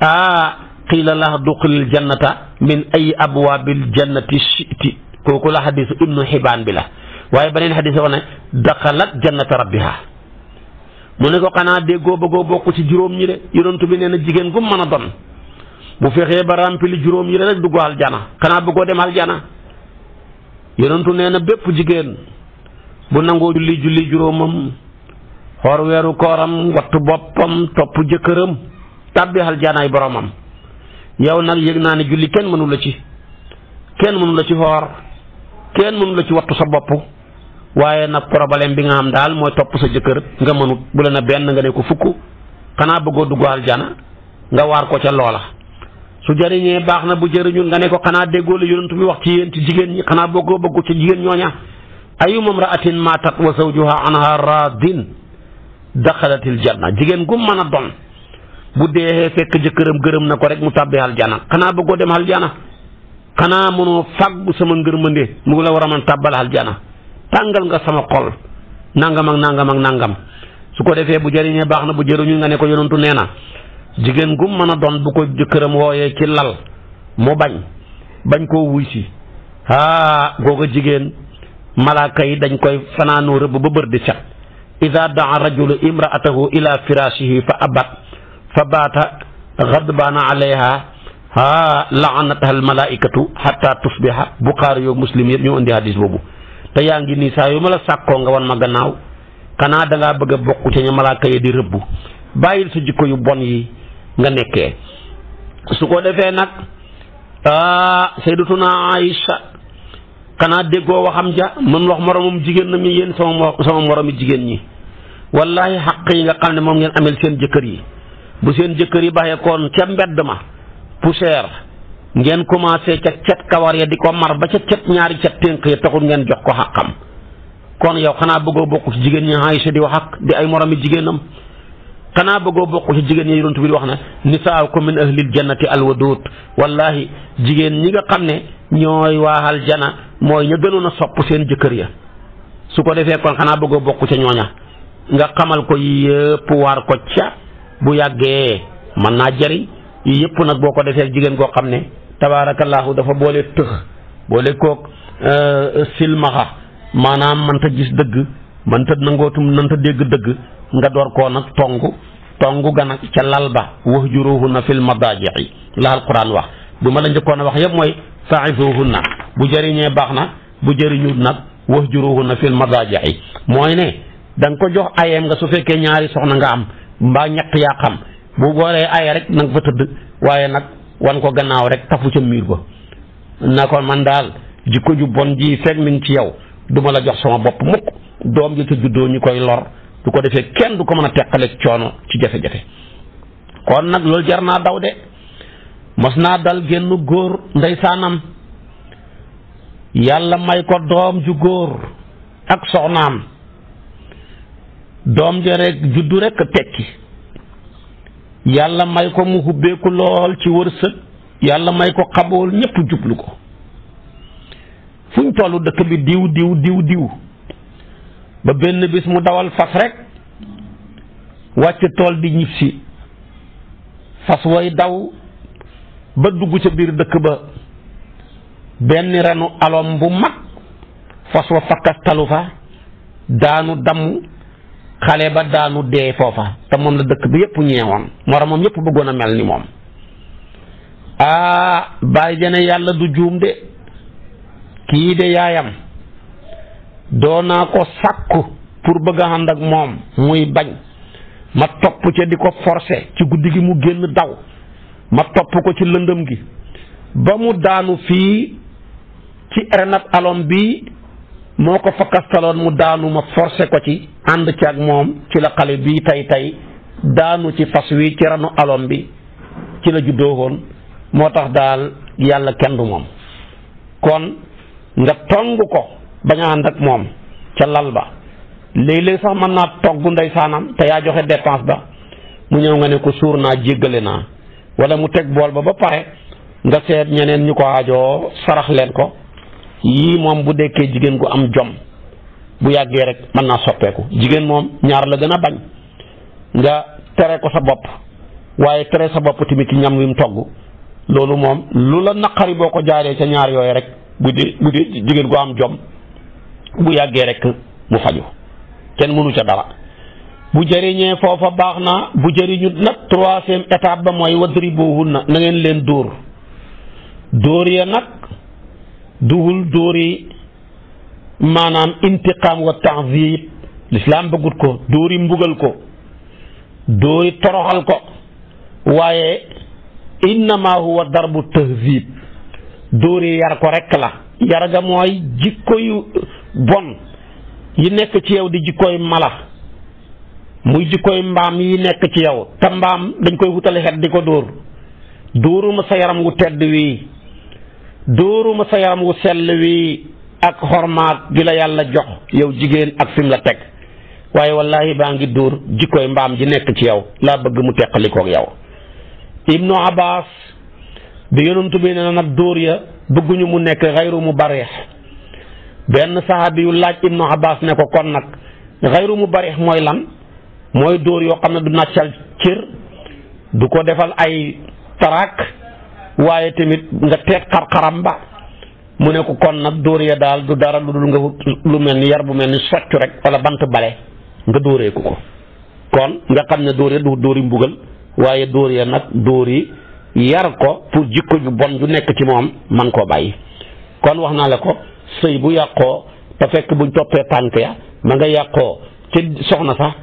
a qiila laha la jannata min ay abwaabil jannati shiti kooku la xadisu ibnu xibaan bi la waaye beneen xadis wax ne daxalat jannata rabbiha mu ne ko xanaa déggoo bëggoo bokk ci juróom ñi de yonent bi nee na jigéen gu mën a don bu fexee ba rempli juróom ñi rek dugg aljana xanaa bëggoo dem aljana yonentu nee na bépp jigéen bu nangoo julli julli juróomam xoor weeru kooram wattu boppam topp jëkkëram tàbbi aljanaay boromam yow nag yëg naa ne julli kenn mënu la ci kenn mënu la ci xoor kenn mënu la ci wattu sa bopp waaye nag problème bi nga am daal mooy topp sa jëkkër nga mënut bu la na benn nga ne ko fukk xanaa bëggoo dugg aljana nga waar ko ca loola su jëriñee baax na bu jëriñul nga ne ko xanaa déggoo la yonent bi wax ci yéen ci jigéen ñi xanaa bëggoo bëggu ci jigéen ñooña ayuma mraatin maatat wa zawjuha anha raadin daxalatil janna jigéen gu mën a don bu dee fekk jëkkëram gërëm na ko rek mu tàbbee aljana xanaa bëggoo dem aljana xanaa mënoo fàggu sama ngërmande mu la war a man tàbbal aljana tàngal nga sama xol nangam ak nangam ak nangam su ko defee bu jëriñee baax na bu jëriñul nga ne ko yonentu nee na Jigen gum mana don bu ko jeukeram woyé ci lal mo bañ bañ ko wuy si ha gogo jigen malaka yi dañ koy fanano reub ba beur di set iza daa rajul imraatahu ila firashihi fa abat fa baata ghadban alayha la'anatha al malaikatu hatta tusbiha bukhari yo muslim yëpp ñu andi hadis bobu te yaangi ni sa yu mala sakongawan nga won ma gannaaw da nga bëgg bokku ci ñu malaka yi ya di reub bayil su jikko yu bon yi nga nekkee su ko defee nag ah sayyidatuna Aïcha xanaa déggoo waxam ja mën wax moromam jigéen na mi yéen sama sama moromi jigéen ñi wallahi xaq yi nga xam ne moom ngeen amel seen jëkkër yi bu seen jëkkër yi baxee koon ca mbedd ma poussière ngeen commencé ca cet kawar ya di ko mar ba ca cet ñaari ca ténk ya taxul ngeen jox ko xaqam kon yow xanaa bëggoo bokk jigéen ñi Aïcha di wax ak di ay moromi jigéenam xanaa bëggoo bokk ci jigéen ñi yonent bi wax na ni nisaakum min ahlil jannati alwadud wallahi jigéen ñi nga xam ne ñooy waaxal jana mooy ña gënoon a sopp seen jëkkër ya su ko defee kon xanaa bëggoo bokku ca ñooña nga xamal ko yëpp waar ko ca bu yàggee mën naa jari yii yëpp nag boo ko defee jigéen koo xam ne tabaarakallaahu dafa boole tëx boole kook euh, silmaxa maanaam mënta gis dëgg mënta nangootum mënta dégg dëgg nga door koo nag tong tong ga nag ca lal ba wahjuruhunna fil madaaji'i la alquran wax bu ma la njëkkoon a wax yëpp mooy fa'izuhunna bu jëriñee baax na bu jëriñut nag wahjuruhunna fil madaaji'i mooy ne danga ko jox ayeem nga su fekkee ñaari soxna nga am mbaa ñett yaa xam bu boolee aye rek na fa tëdd waaye nag wan ko gannaaw rek tafu ca miir ba na ko man daal jikko ju bon ji fekk mi ci yow duma la jox sama bopp mukk doom ji te juddoo ñu koy lor du ko defee kenn du ko mën a teqaleeg coono ci jafe-jafe kon nag loolu jar naa daw de mos naa dal génn góor ndeysaanam yàlla may ko doom ju góor ak soxnaan doom ja rek juddu rek tekki yàlla may ko mu hubbeeku lool ci wërsëg yàlla may ko xabool ñépp jublu ko fuñ tollu dëkk bi diw diw diw diw ba benn bis mu dawal fas rek wàcc tool di ñibbisi fas way daw ba dugg ca biir dëkk ba benn renu alom bu mag fas wa fakkastalu fa daanu damm xale ba daanu dee foofa te moom la dëkk bi yépp ñeewoon moroom moom yépp bëggoon a mel ni moom aa bàyyi jane yàlla du juum de kii de yaayam doonaa ko sàkku pour bëgg a ak moom muy bañ ma topp ca di ko forcer ci guddi gi mu génn daw ma topp ko ci lëndëm gi ba mu daanu fii ci erenab alom bi moo ko fakkastaloon mu daanu ma forcer ko ci ànd ci ak moom ci la xale bii tey tey daanu ci fas wi ci ranu alom bi ci la juddoo woon moo tax daal yàlla kenn du moom kon nga tong ko bañ a ak moom ca lal ba léeg-léeg sax mën naa togg ndeysaanam te yaa joxe dépense ba mu ñëw nga ne ko suur naa jéggale naa wala mu teg bool ba ba pare nga seet ñeneen ñu ko aajoo sarax leen ko yii moom bu dekkee jigéen gu am jom bu yàggee rek mën naa soppeeku jigéen moom ñaar la gën a bañ nga tere ko sa bopp waaye tere sa bopp tamit ci ñam wi mu togg loolu moom lu la naqari boo ko jaaree ca ñaar yooyu rek bu dee bu dee jigéen gu am jom bu yàggee rek mu faju kenn mënu ca dara bu jëriñee foofa baax na bu jëriñut nag troisième étape ba mooy wadribuhunna na ngeen leen dóor dóor ya nag duwul dóor maanaam intiqaam wa ta'zib lislaam bëggut ko dóor yi mbugal ko dóor toroxal ko waaye innama huwa darbu tahzib dóor yi yar ko rekk la yar ga mooy jikko yu bon yi nekk ci yow di jikkooy mala muy jikkooy mbaam yi nekk ci yow te mbaam dañ koy wutale xet di ko dóor dóoruma sa yaram wu tedd wii dóoruma sa yaram wu sell wii ak xormaat gi la yàlla jox yow jigéen ak fim la teg waaye wallahi baa ngi dóor jikkooy mbaam ji nekk ci yow laa bëgg mu teqalikook yow ibnu abbas bi yonantu bi ne na nag dóor ya bëgguñu mu nekk xayru mu bare benn saxaabi yu laaj ibnu abbas ne ko kon nag xayru mu barix mooy lan mooy dóor yoo xam ne du nàccal cër du ko defal ay taraak waaye tamit nga teet xar-xaram ba mu ne ko kon nag dóor ya daal du dara lu dul nga lu mel ni yar bu mel ni soccu rek wala bant bale nga dóoree ko ko kon nga xam ne dóor ya du dóori mbugal waaye dóor ya nag dóor yi yar ko pour jikko ju bon ju nekk ci moom man koo bàyyi kon wax naa la ko sëy bu yàqoo te fekk buñ toppee tànk ya ma nga yàqoo ci soxna sax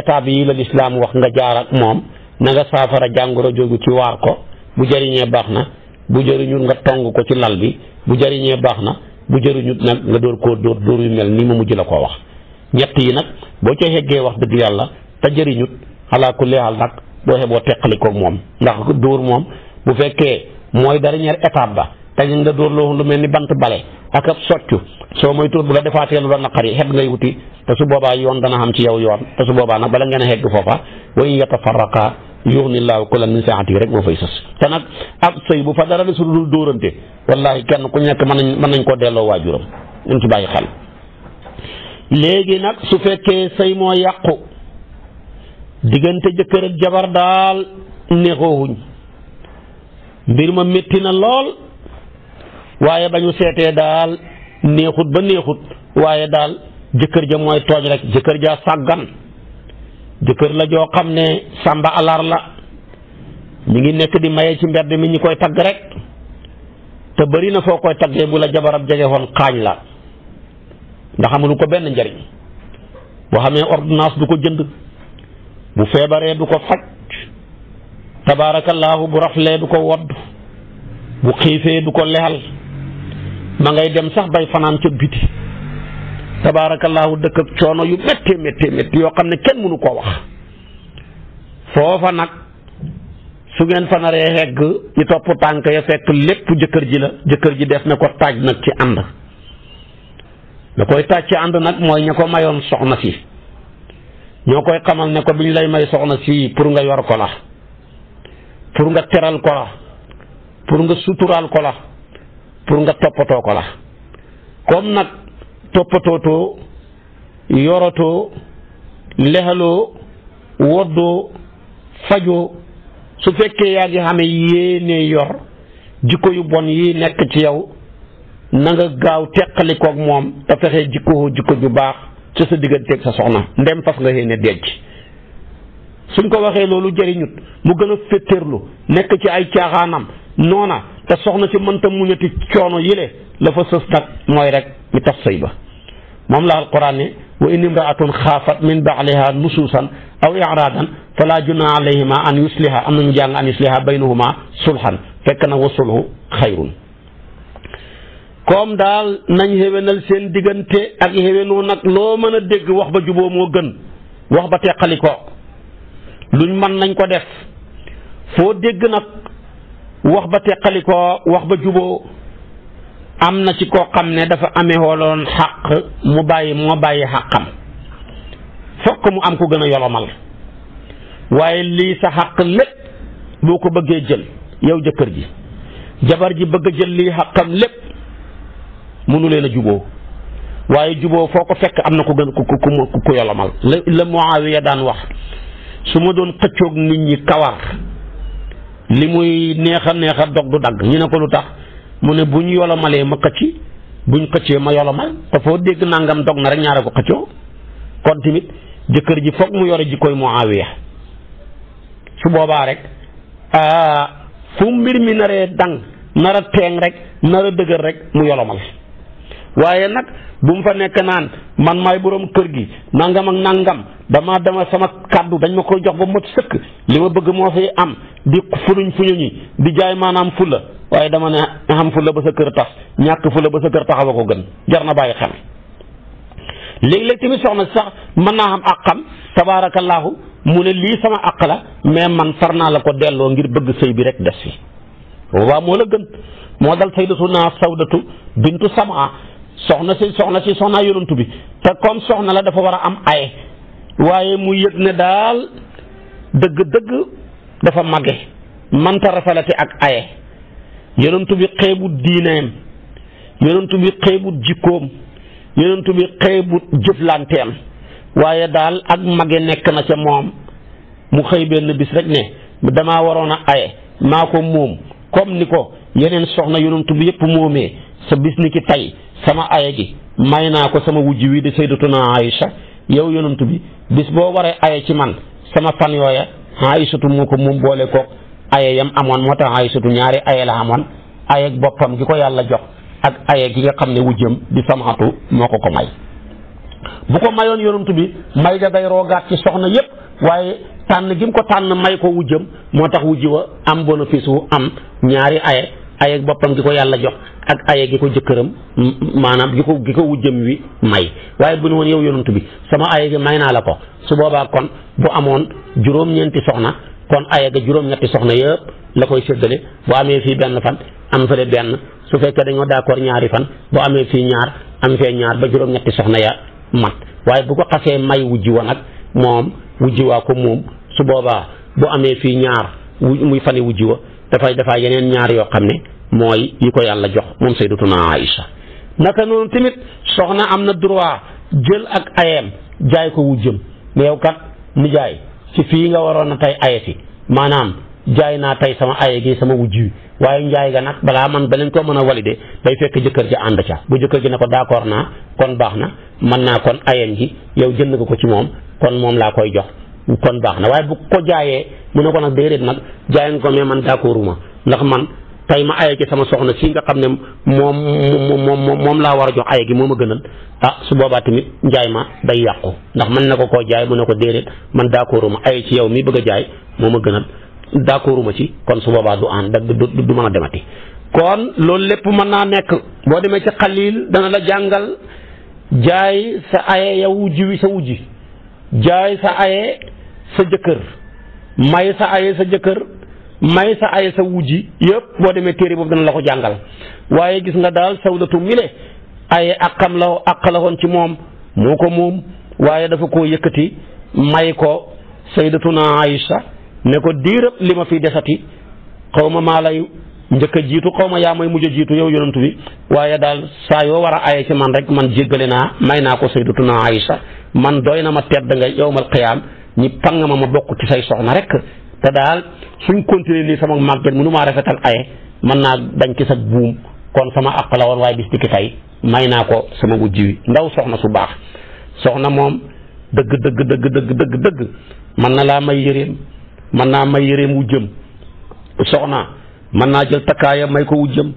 étape yi la lislaam wax nga jaar ak moom na nga saafara jàngoro jógu ci waar ko bu jëriñee baax na bu jëriñut nga tong ko ci lal bi bu jariñee baax na bu jëriñut nag nga dóor koo dóor dóor mel nii ma mujj la koo wax ñett yi nag boo ca xeggee wax dëgg yàlla te jëriñut xalaa ku leexal nag boo xeboo teqali ko moom ndax dóor moom bu fekkee mooy dernière étape ba kañ nga door lo lu melni bant balé ak ab soccu so moy tour bu la defaatee lu la naqari xet ngay wuti te su boba yoon dana xam ci yow yoon te su boba nak bala nga a xegg foofa wa in yatafaraqa yuxni llaahu min sa'ati rek mo fay sos te nak ab sey bu fa dara su dul wallahi kenn ku ñek man man nañ ko delo wajuram ñu ci bayyi xal legi nak su fekke sey mo yaqku diggante jeuker ak jabar daal neexoowuñ mbir ma metti na lol waaye ba ñu seetee daal neexut ba neexut waaye daal jëkkër ja mooy tooj rek jëkkër ja sàggan jëkkër la joo xam ne sàmba alar la mu ngi nekk di maye ci mbedd mi ñu koy tagg rek te bëri na foo koy taggee bu la jabarab jege woon xaañ la ndax amul ko benn njariñ boo xamee ordonnance du ko jënd bu feebaree du ko faj tabaarakallaahu bu raflee du ko wodd bu xiifee du ko lexal ma ngay dem sax bay fanaan ca biti tabaarakallaahu dëkk ak coono yu méttee méttee métti yoo xam ne kenn mënu ko wax foofa nag su ngeen fanaree naree hegg ñu topp tànk ya fekk lépp jëkkër ji la jëkkër ji def na ko taaj nag ci ànd da koy taaj ci ànd nag mooy ña ko mayoon soxna si ñoo koy xamal ne ko bi ñu lay may soxna si pour nga yor ko la pour nga teral ko la pour nga suturaal ko la pour nga toppatoo ko la comme nag toppatootoo yorotoo lexaloo woddoo fajoo su fekkee yaa ngi xame yéene yor jikko yu bon yi nekk ci yow na nga gaaw teqalikoog moom te fexee jikkoo jikko ju baax ci sa digganteeg sa soxna ndem fas nga yéene denc suñ ko waxee loolu jëriñut mu gën a féttérlu nekk ci ay caaxaanam noona te soxna si mënta muñati coono yile la fa sës nag mooy rek ñu tas sëy ba moom la alquran ne wa in imraatun xaafat min baaliha nusuusan aw iraadan fala juna alayhima an yusliha am nañu jàng an yusliha baynahuma sulhan fekk na wa sulhu xayrun comme daal nañ xéwénal seen diggante ak xéwénoo nag loo mën a dégg wax ba juboo moo gën wax ba teqali ko luñ mën nañ ko def foo dégg nag wax ba teqali wax ba juboo am na ci koo xam ne dafa amee wooloon xàq mu bàyyi moo bàyyi xàqam fokk mu am ko gën a yolomal waaye lii sa xàq lépp boo ko bëggee jël yow jëkkër ji jabar ji bëgg a jël lii xàqam lépp mënu leen a juboo waaye juboo foo ko fekk am na ko gën ku ku ku yolomal la la Muawiya daan wax su ma doon xëccoog nit ñi kawar li muy neex a neex dog du dagg ñu ne ko lu tax mu ne bu ñu yolomalee ma xëcc buñ xëccee ma yolomal te foo dégg nangam dog na rek ñaara ko xëccoo kon tamit jëkkër ji foog mu yore jikkoy Muawiya su boobaa rek fu mbir mi naree dang nara teeng rek nara dëgër rek mu yolomal waaye nag bu mu fa nekk naan man maay borom kër gi nangam ak nangam damaa dama sama kàddu dañ ma koy jox ba mot sëkk li ma bëgg moo fi am di furuñ fuñu ñi di jaay maanaam fulla waaye dama ne xam fulla ba sa kër tax ñàkk fulla ba sa kër taxaw a ko gën jar na bàyyi xel léeg-léeg tamit soxna sax mën naa xam àqam tabaarakallaahu mu ne lii sama àq la mais man far naa la ko delloo ngir bëgg sëy bi rek des fi waaw moo la gën moo dal sayyidatuna sawdatu soxna si soxna si soxna yonantu bi te comme soxna la dafa war a am aye waaye mu yëg ne daal dëgg-dëgg dafa màgge manta rafalati ak aye yonantu bi xeebut diineem yonantu bi xeebut jikkoom yonantu bi xeebut jëflanteem waaye daal ak mage nekk na ca moom mu xëy benn bis rek ne damaa waroon a aye maa ko moom comme ni ko yeneen soxna yonantu bi yëpp moomee sa bis ni ki tey sama aya gi may naa ko sama wujj wi di sayyidatuna Aïcha yow yonantu bi bis boo waree aya ci man sama fan yooya Aïchatu moo ko moom boole ko aya yam amoon moo tax Aïchatu ñaari aya la amoon aya ak boppam gi ko yàlla jox ak aya gi nga xam ne wujjam di samxatu moo ko ko may bu ko mayoon yonantu bi may ga day roogaat ci soxna yépp waaye tànn gi mu ko tànn may ko wujjam moo tax wujj wa am bénéfice wu am ñaari aya ayeg boppam gi ko yàlla jox ak ayeg gi ko jëkkëram maanaam gi ko gi ko wujjëm wi may waaye bu ne woon yow yonent bi sama ayeg gi may naa la ko su boobaa kon bu amoon juróom soxna kon ayeg ga juróom-ñetti la koy séddale bu amee fii benn fan am benn su fekkee dañoo d'accord ñaari fan bu amee fii ñaar am fee ñaar ba juróom soxna ya mat waaye bu ko xasee may wujji wa nag moom wujji waa ko moom su boobaa bu amee fii ñaar muy fani wujji wa dafay defaa yeneen ñaar yoo xam ne mooy yi ko yàlla jox moom sayyidatuna sax naka noonu tamit soxna am na droit jël ak ayem jaay ko wujjëm ne yow kat nijaay ci fii nga waroon na tey aye maanaam jaay naa tey sama aye gi sama wujj wi waaye njaay ga nag balaa man beneen koo mën a validé day fekk jëkkër ji ànd ca bu jëkkër ji ne ko d'accord naa kon baax na mën naa kon ayem gi yow jënd nga ko ci moom kon moom laa koy jox kon baax na waaye bu ko jaayee mu na ko nag déedéet nag jaay nga ko mais man d'accorduma ndax man tey ma aye ci sama soxna si nga xam ne moom moom moom laa war a jox aye gi moo ma gënal a ah, su boobaa tamit njaay ma day yàqu ndax mën na ko koo jaay mu ne ko déedéet man d'accorduma aye ci yow mi bëgg a jaay moo ma gënal d'accorduma ci kon su boobaa du ànd du du du mën a demati. kon loolu lépp mën naa nekk boo demee ci xalil dana la jàngal jaay sa aye yow wujji wi sa jëkkër may sa aye sa jëkkër may sa aye sa wujji yëpp boo demee téere boobu dana la ko jàngal waaye gis nga daal sawdatu mi ne aye àqam la ak la ci moom moo ko moom waaye dafa ko yëkkati may ko saydatuna Aïcha ne ko diirëb li ma fi desati xaw ma maa lay njëkk jiitu xaw ma yaa may mujj jiitu yow yonent bi waaye daal saa yoo war a aye ci man rek man jéggale naa may naa ko saydatuna Aïcha man doy na ma tedd nga yowmal qiyaam ñi pang ma ma bokk ci say soxna rek te daal suñ continuer lii sama màgget mënu maa rafetal aye mën naa dañ ci sa buum kon sama àq la woon waaye bis dikki tey may naa ko sama wujj wi ndaw soxna su baax soxna moom dëgg dëgg dëgg dëgg dëgg dëgg mën na laa may yëreem mën naa may yëreem wujjam soxna mën naa jël takkaaya may ko wujjam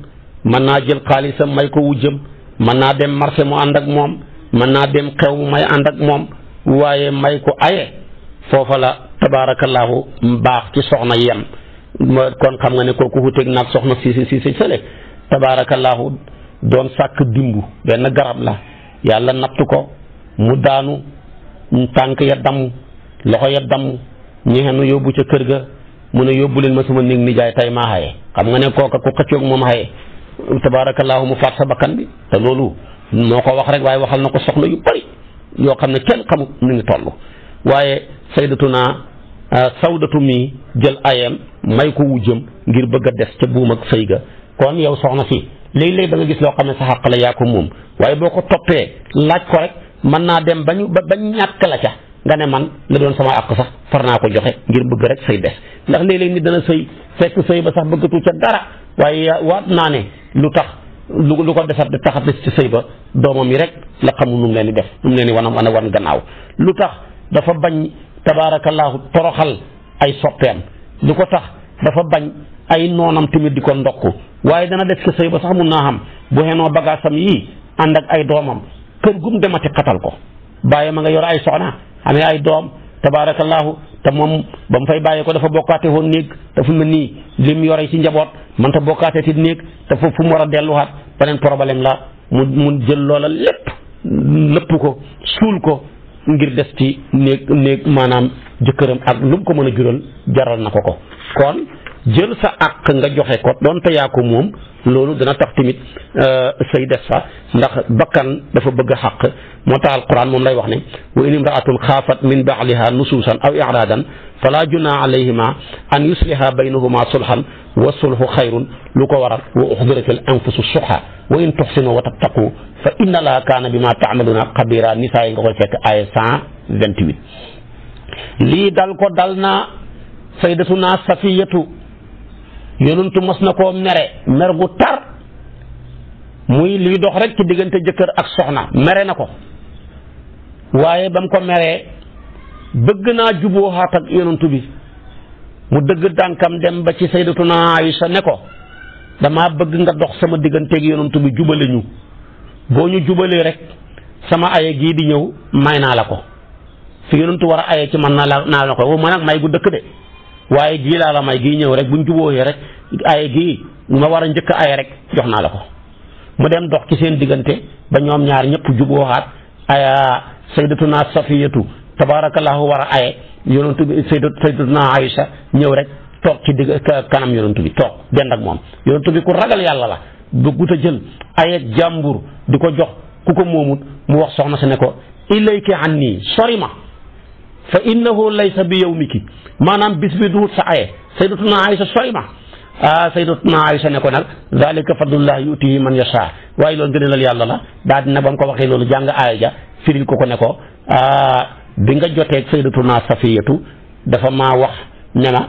mën naa jël xaalisam may ko wujjam mën naa dem marché mu ànd ak moom mën naa dem xew mu may ànd ak moom waaye may ko aye foofa la tabaarakallaahu baax ci soxna yem kon xam nga ne kooku wuteeg naag soxna si si si sële tabaarakallaahu doon sàkk dimbu benn garab la yàlla natt ko mu daanu tànk ya damm loxo ya damm ñeexenu yóbbu ca kër ga mu ne yóbbu leen ma sama néeg nijaay tay maa xaye xam nga ne kooka ku xëccoog moom xaye tabaarakallaahu mu faat sa bakkan bi te loolu moo ko wax rek waaye waxal na ko soxna yu bari yoo xam ne kenn xamut nu ngi toll waaye naa ah, sawdatu mi jël ayam may ko wujjam ngir bëgg a des ca buum ak sëy ga kon yow soxna si léegi léeg da nga gis loo xam ne sa xàq la moom waaye ko toppee laaj ko rek mën naa dem ba ba ñàkk la ca nga ne man la doon sama àq sax far naa ko joxe ngir bëgg rek sëy des ndax léeg-léeg nit dana sëy fekk sëy ba sax bëggatu ca dara waaye waat naa ne lu tax lu lu ko defat tax a des ci sëy ba doomam yi rek la xamul nu mu leen di def nu mu leen di wan wan gannaaw lu tax dafa bañ tabaarakallaahu toroxal ay soppeem lu ko tax dafa bañ ay noonam tamit di ko ndokk waaye dana def sa sëy ba sax mun naa xam bu xeenoo bagaasam yii ànd ak ay doomam kër gum demati xatal ko bàyyi ma nga yor ay soxna amee ay doom tabaarakallaahu te moom ba mu fay bàyyi ko dafa bokkaate woon néeg te fu mu nii lim yore ci njaboot man ta bokkaate ci néeg te foofu fu mu war a delluwaat beneen problème la mu mu jël loola lépp lépp ko suul ko ngir des ci néeg néeg maanaam jëkkëram ak lu ko mën a jural jaral na ko ko kon jël sa àq nga joxe ko doonte yaa ko moom loolu dana tax tamit euh, say def fa ndax bakkan dafa bëgg a xàq moo tax alquran moom lay wax ne wa in imraatun xaafat min baaliha nusuusan aw iraadan fala junaa alayhima an yusliha baynahuma sulhan wa sulhu xayrun lu ko waral wa uxdirat al anfusu suxa wa in tuxsinu wa tattaqu fa inna laa kaana bima taamaluuna xabira nisaa yi nga koy fekk ay cent vingt-huit lii dal ko dal na saydatuna safiyatu yonentu mas na koo mere mer gu tar muy liy dox rek ci diggante jëkkër ak soxna mere na ko waaye ba mu ko meree bëgg naa juboo xaat ak bi mu dëgg tànkam dem ba ci yi sa ne ko dama bëgg nga dox sama digganteeg yonentu bi jubale ñu boo ñu jubalee rek sama aye gii di ñëw may naa la ko fi yonentu war a aye ci man naa la naa la ko wow ma nag may gu dëkk de waaye gii laa la may gii ñëw rek buñ jubóoyee rek ay gii ma war a njëkk ay rek jox naa la ko mu dem dox ci seen diggante ba ñoom ñaar ñëpp jubooxaat aya saydatuna safiyatu tabarakallahu war a aye yonentu bi saydatuna aïcha ñëw rek toog ci digg kanam yonentu toog dend ak moom yonentu bi ku ragal yàlla la bëggut a jël ayeg jàmbur di ko jox ku ko moomut mu wax soxna si ne ko ilayki an nii sori ma fa innahu laysa bi yawmiki maanaam bis sa duut sa aye sayyidatuna sa sooy ma ah sayyidatuna Aïcha ne ko nag zalika fadlullah yutihi man yasha waaye loolu gënalal yàlla la daal dina ba mu ko waxee loolu jàng aaya ja firil ko ko ne ko ah, bi nga jotee joteeg sayyidatuna safiyatu dafa maa wax ne ma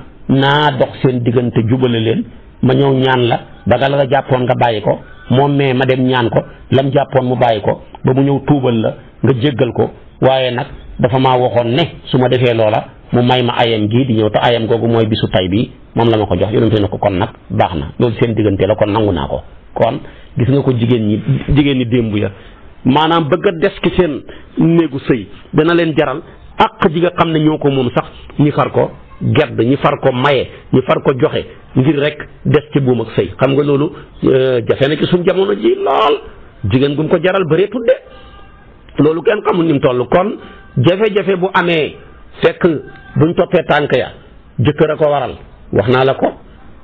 naa dox seen diggante jubale leen ma ñëw ñaan la daga la jàppoon nga bàyyi ko moom mais ma dem ñaan ko lam jàppoon mu bàyyi ko ba mu ñëw tuubal la nga jéggal ko dafa maa waxoon ne su ma defee loola mu may ma ayam gii di ñëw te ayam googu mooy bisu tay bi moom la ma ko jox yonente na ko kon nag baax na loolu seen diggante la kon nangu naa ko kon gis nga ko jigéen ñi jigéen ñi démb ya maanaam bëgg a des ki seen néegu sëy dana leen jaral àq ji nga xam ne ñoo ko moom sax ñu far ko gedd ñu far ko maye ñu far ko joxe ngir rek des ci buum ak sëy xam nga loolu euh, jafe na ci suñ jamono ji lool jigéen gum ko jaral bëreetul de loolu kenn xamul ni toll kon jafe-jafe bu amee fekk buñ toppee tànk ya jëkkër a ko waral wax naa la ko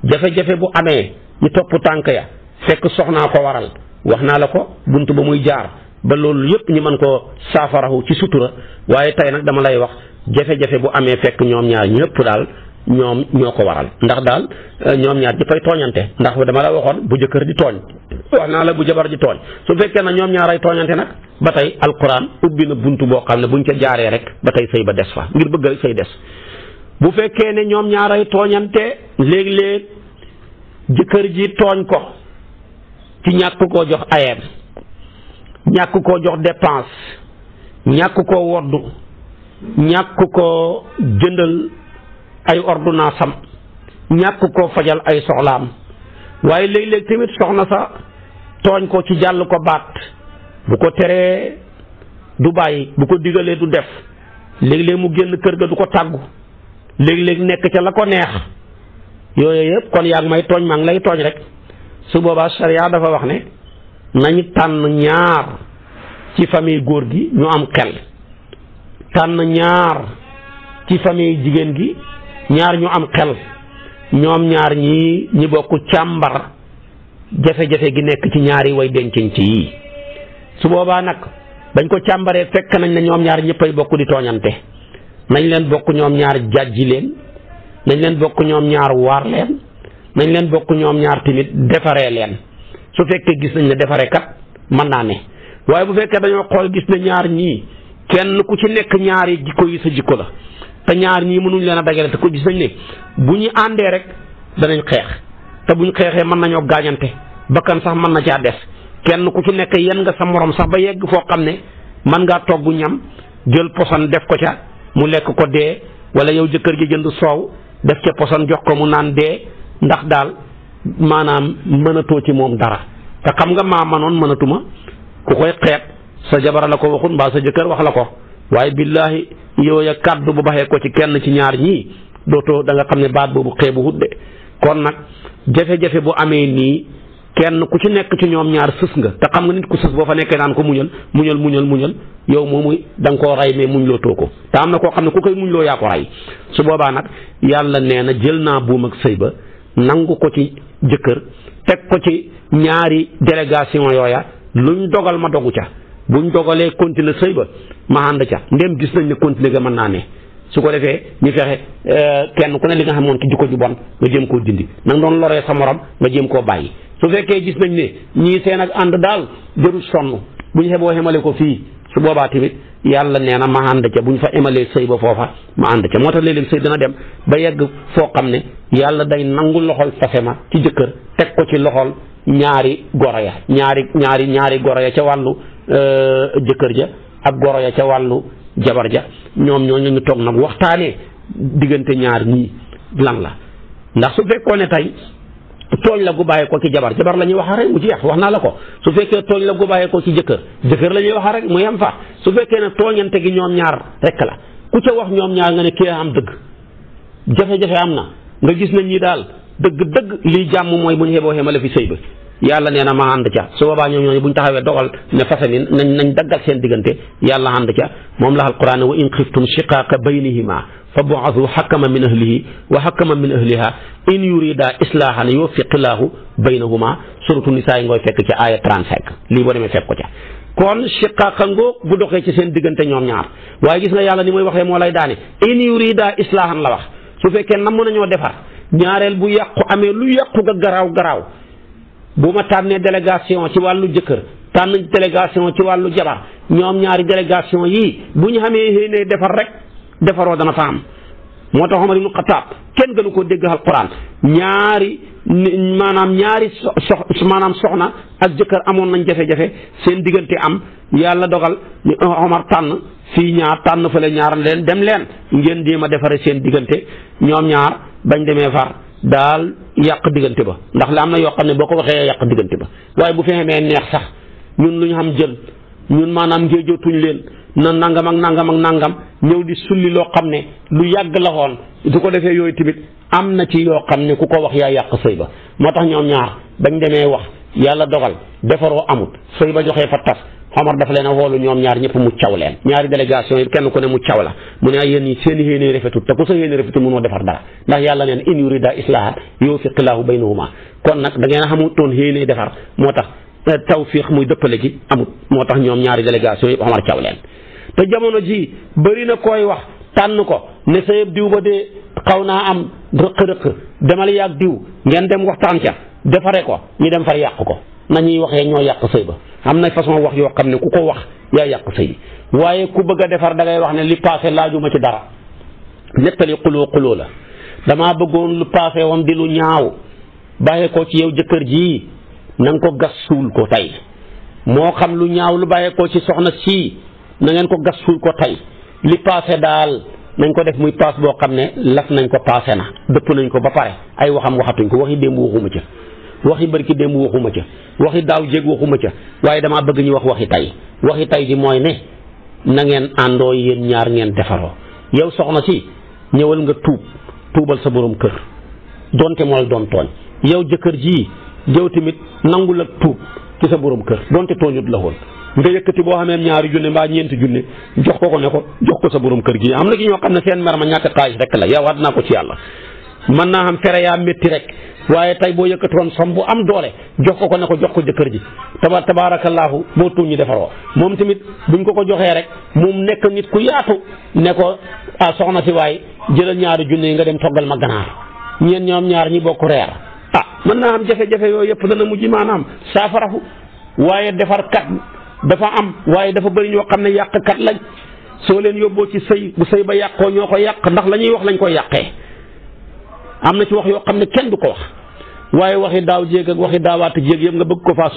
jafe-jafe bu amee ñu topp tànk ya fekk soxnaa ko waral wax naa la ko bunt ba muy jaar ba loolu yépp ñu mën koo saafarahu ci sutura waaye tey nag dama lay wax jafe-jafe bu amee fekk ñoom ñaar ñëpp daal ñoom ñoo ko waral ndax daal euh, ñoom ñaar ñëppay tooñante ndax dama la waxoon bu jëkkër di tooñ wax naa la bu jabar ji tooñ su fekkee na ñoom ñaaray tooñante nag ba tey alquran ubbi na bunt boo xam ne buñ ca jaaree rek ba tey sëy ba des fa ngir bëgg rek sëy des bu fekkee ne ñoom ñaaray tooñante léeg-léeg jëkkër ji tooñ ko ci ñàkk koo jox ayeem ñàkk koo jox dépense ñàkk ko wodd ñàkk ko jëndal ay ordonnance am ñàkk ko fajal ay soxlaam waaye léeg-léeg tamit soxna sa tooñ ko ci jàll ko baat bu ko teree du bàyyi bu ko digalee du def léeg-léeg mu génn kër ga du ko tàggu léeg-léeg nekk ca la ko neex yooyu yëpp kon yaa ngi may tooñ maa ngi lay tooñ rek su boobaa sariya dafa wax ne nañu tànn ñaar ci famille góor gi ñu am xel tànn ñaar ci famille jigéen gi ñaar ñu am xel ñoom ñaar ñii ñi bokk càmbar jafe-jafe gi nekk ci ñaari way dencinc yi su boobaa nag dañ ko càmbaree fekk nañ ne ñoom ñaar ñëppay bokk di tooñante nañ leen bokk ñoom ñaar jàjji leen nañ leen bokk ñoom ñaar waar leen nañ leen bokk ñoom ñaar tamit defaree leen su fekkee gis nañ ne defaree kat mën naa ne waaye bu fekkee dañoo xool gis ne ñaar ñii kenn ku ci nekk ñaari jikko yi sa jikko la te ñaar ñii mënuñ leen a dajale te ko gis nañ ne bu ñu àndee rek danañ xeex te buñ xeexee mën nañoo gaañante bakkan sax mën na caa des kenn ku ci nekk yan nga sa morom sax ba yegg foo xam ne mën ngaa togg ñam jël posan def ko ca mu lekk ko dee wala yow jëkkër ji jënd soow def ca poson jox ko mu naan dee ndax daal maanaam mënatoo ci moom dara te xam nga maa manoon mënatuma ku koy xeeb sa jabara la ko waxut mbaa sa jëkkër wax la ko waaye billaahi yow ya kàddu bu baxee ko ci kenn ci ñaar ñii dootoo da nga xam ne baat boobu xeebu hut de kon nag jafe-jafe bu amee nii kenn ku ci nekk ci ñoom ñaar sës nga te xam nga nit ku sës boo fa nekkee naan ko muñal muñal muñal muñal yow moomu da nga koo rey mais muñ loo ko te am na koo xam ne ku koy muñ loo yaa ko rey su boobaa nag yàlla nee na jël naa buum ak sëy ba nangu ko ci jëkkër teg ko ci ñaari délégation yooya luñ dogal ma dogu ca buñ dogalee continuer sëy ba ma ànd ca ndem gis nañ ne continuer ga man naa ne su ko defee ñu fexe euh, kenn ku ne li nga xam moom ci jikko ju bon nga jéem koo dindi nang doon loree sa morom nga jéem koo bàyyi su fekkee gis nañ ne ñii seen ak ànd daal jarul sonn bu ñu xeboo ko fii su boobaa tamit yàlla nee na ma ànd ca bu fa emalee sëy ba foofa ma ànd ca moo tax léeg-léeg sëy dana dem ba yegg foo xam ne yàlla day nangu loxol fase ma ci jëkkër teg ko ci loxol ñaari goro ya ñaari ñaari ñaari goro ya ca wàllu jëkër ja ak goro ya ca wàllu jabar ja ñoom ñoo ñu toog nag waxtaanee diggante ñaar ñii lan la ndax su fekkoon ne tey tooñ la gu bàyyi ko ci jabar jabar la ñuy wax rek mu jeex wax naa la ko su fekkee tooñ la gu bàyyi ko ci jëkkër jëkkër la ñuy wax rek mu yem fa su fekkee ne tooñante gi ñoom ñaar rek la ku ca wax ñoom ñaar nga ne kii am dëgg jafe-jafe am na nga gis na ñi daal dëgg-dëgg lii jàmm mooy buñ ñu xeboo xemale fi sëy ba yàlla nee na ma ànd ca su boobaa ñoom ñooñu bu ñu taxawee dogal ne fasamin nañ nañ daggal seen diggante yàlla ànd ca moom la alquran wa in xiftum shiqaaqa baynihima fa bu'athu hakama min ahlihi wa hakama min ahliha in yurida islaahan yuwaffiqillaahu baynahuma suratu nisaa yi ngooy fekk ci aaya 35 lii boo demee fekk ko ca kon shiqaaqa ngóog bu doxee ci seen diggante ñoom ñaar waaye gis nga yàlla ni muy waxee moo lay daane in yurida islaahan la wax su fekkee nam nañoo defar ñaareel bu yàqu amee lu garaaw garaaw bu ma tànnee délégation ci wàllu jëkkër tànn délégation ci wàllu jabar ñoom ñaari délégation yii bu ñu xamee yéene defar rek defaroo dana fa am moo tax Omar ibnu Xataab kenn gënu koo dégg alquran ñaari maanaam ñaari sox maanaam soxna ak jëkkër amoon nañ jafe-jafe seen diggante am yàlla dogal ñu Omar tànn fii ñaar tànn fële ñaar leen dem leen ngeen jéem a defare seen diggante ñoom ñaar bañ demee far daal yàq diggante ba ndax la am na yoo xam ne boo ko waxee yàq diggante ba waaye bu fexee mee neex sax ñun lu ñu xam jël ñun maanaam ngéejootuñ leen na nangam ak nangam ak nangam ñëw di sulli loo xam ne lu yàgg la du ko defee yooyu tamit am na ci yoo xam ne ku ko wax yaa yàq sëy ba moo tax ñoom ñaar bañ demee wax yàlla dogal defaroo amut sëy ba joxee fa tas Omar dafa leen a woolu ñoom ñaar ñëpp mu caw leen ñaari délégation yi kenn ku ne mu caw la mu ne yéen ñi seen i yéene rafetul te ku sa yéene rafetul mënoo defar dara ndax yàlla neen in yurida islaha yuwaffiqillaahu baynahuma kon nag da ngeen a xamutoon yéene defar moo tax eh, tawfiq muy dëppale gi amut moo tax ñoom ñaari délégation yi Omar caw leen te jamono ji bëri na koy wax tànn ko ne sa yëpp ba dee xaw naa am rëq-rëq demal yaag diw ngeen dem waxtaan ca defare ko ñu dem far yàq ko nañuy waxee ñoo yàq sëy ba am na façon wax yoo xam ne ku ko wax yaa yàq sëy bi waaye ku bëgg a defar dangay wax ne li passé laajuma ci dara nettali xuloo xuloo la damaa bëggoon lu passé woon di lu ñaaw bàyyee ko ci yow jëkkër ji na nga ko gas suul ko tey moo xam lu ñaaw lu bàyyee ko ci soxna sii na ngeen ko gas suul ko tay li passé daal nañ ko def muy paas boo xam ne las nañ ko passé na dëpp nañ ko ba pare ay waxam waxatuñ ko waxi démb waxuma ca wax waxi bërki démb waxuma ca waxi daaw jéeg waxuma ca waaye damaa bëgg ñu wax waxi tey waxi tey ji mooy ne na ngeen àndoo yéen ñaar ngeen defaroo yow soxna si ñëwal nga tuub tuubal sa borom kër donte moo la doon yow jëkkër ji yow tamit nangul ak tuub ci sa borom kër donte tooñut la woon nga yëkkati boo xamee ñaari junne mbaa ñeenti junne jox ko ko ne ko jox ko sa borom kër gi am na ki ñoo xam ne seen mer ma ñàkk xaalis rek la yow waat naa ko ci yàlla mën naa xam fere yaa métti rek waaye tay boo yëkkatoon som bu am doole jox ko ko ne ko jox ko jëkkër ji taba tabaarakallaahu boo tuñ ñi defaroo moom tamit buñ ko ko joxee rek moom nekk nit ku yaatu ne ko a soxna si waaye jëlal ñaari junne yi nga dem toggal ma ganaar ñeen ñoom ñaar ñi bokk reer ah mën naa am jafe-jafe yooyu yëpp dana mujj maanaam saafarafu waaye defar kat dafa am waaye dafa bëri ñoo xam ne yàq kat lañ soo leen yóbboo ci sëy bu sëy ba yàqoo ñoo ko yàq ndax la ñuy wax lañ koy yàqee am na ci wax yoo xam ne kenn du ko wax waaye waxi daaw jéeg ak waxi daawaati jéeg yëpp nga bëgg ko faa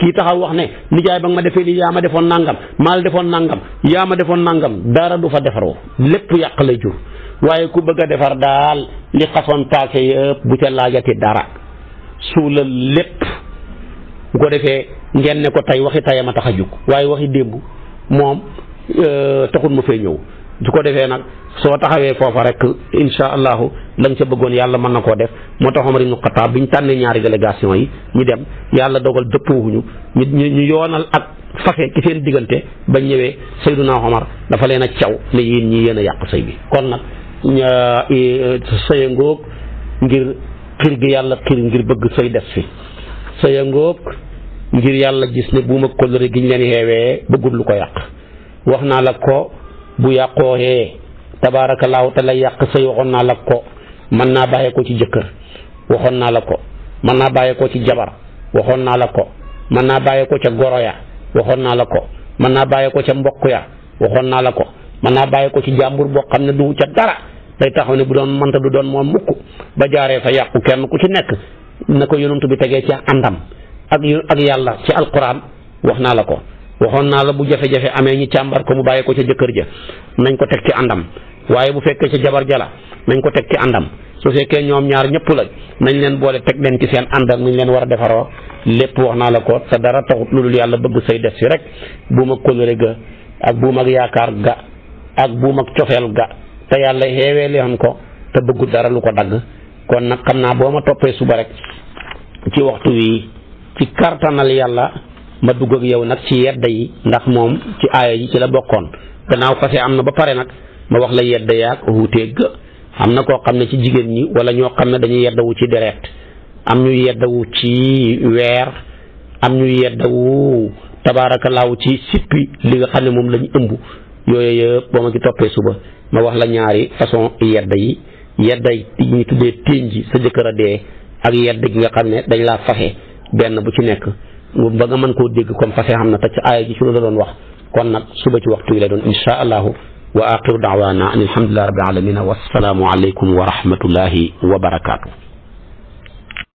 kii taxaw wax ne nijaay ba nga ma defee nii yaa ma defoon nangam maa defoon nangam yaa defoon nangam dara du fa defaroo lépp yàq lay jur waaye ku bëgg a defar daal li xasoon paase yëpp bu ca laajati dara suulal lépp bu ko defee ngeen ne ko tey waxi tayam a tax a jóg waaye waxi démb moom euh, taxul ma fee ñëw. su ko defee nag soo taxawee foofa rek insha allahu lañ nga bëggoon yàlla mën na koo def moo tax Omar ibnu Xataab bi ñu tànnee ñaari délégation yi ñu dem yàlla dogal dëppoowuñu ñu ñu yoonal ak fase ci seen diggante ba ñëwee naa Omar dafa leen a caw ne yéen ñi yéen a yàq sëy bi kon nag sëya ngóog ngir xir gi yàlla xir ngir bëgg sëy des fi sëya ngóog ngir yàlla gis ne bu ma kóllëre gi ñu leen xeewee bëggul lu ko yàq wax naa la ko bu yàqoo hee tabaarakallaahu te lay yàq sëy waxoon naa la ko mën naa bàyyee ci jëkkër waxoon naa la ko mën naa bàyyeekoo ci jabar waxoon naa la ko mën naa bàyyee ca goro ya waxoon naa la ko mën naa bàyyee ko ca mbokk ya waxoon naa la ko mën naa bàyyee ko ci jàmbur boo xam ne du ca dara day taxaw ne bu doon mënta du doon moom mukk ba jaaree fa yàqu kenn ku ci nekk na ko yonent bi tegee ca àndam ak ak yàlla ci alquran wax naa la ko waxon na la bu jafé jafé amé ñi càmbar ko mu bayé ko ci jëkër ja nañ ko tek ci andam bu fekkee ci jabar jala nañ ko tek ci andam su fekké ñom ñaar ñepp la nañ leen boole tek leen ci seen andam ñu leen war défaro defaroo lépp wax na la ko sa dara taxut lulul yalla bëgg sey def ci rek buum ak kóllëre ga ak bu ma yaakar ga ak bu ma ciofel ga leen ko ta bëggu dara lu ko dag kon nak xamna bo boo ma toppee suba rek ci waxtu wi ci kartanal yalla ma dugg ak yow nag ci yedda yi ndax moom ci aaya yi ci la bokkoon gannaaw fase amna na ba pare nag ma wax la yedda yaag wuuteeg am na koo xam ne ci jigéen ñi wala ñoo xam ne dañuy yeddawu ci direct am ñu yeddawu ci weer am ñu yeddawu tabaarakallaahu ci sippi li nga xam ne moom lañu ëmb yooyu yëpp boo ma ci toppee suba ma wax la ñaari façon yedda yi yedda yi ñu tuddee ji sa jëkkër a dee ak yedd gi nga xam ne dañ laa faxe benn bu ci nekk ba nga mën koo dégg comme parce que xam na te ci aaya ji ci loolu la doon wax kon nag suba ci waxtu wi la doon insha allahu wa aqiru daawaana an alhamdulillahi rabbil alamina wassalaamu aleykum wa rahmatullahi wa barakaatu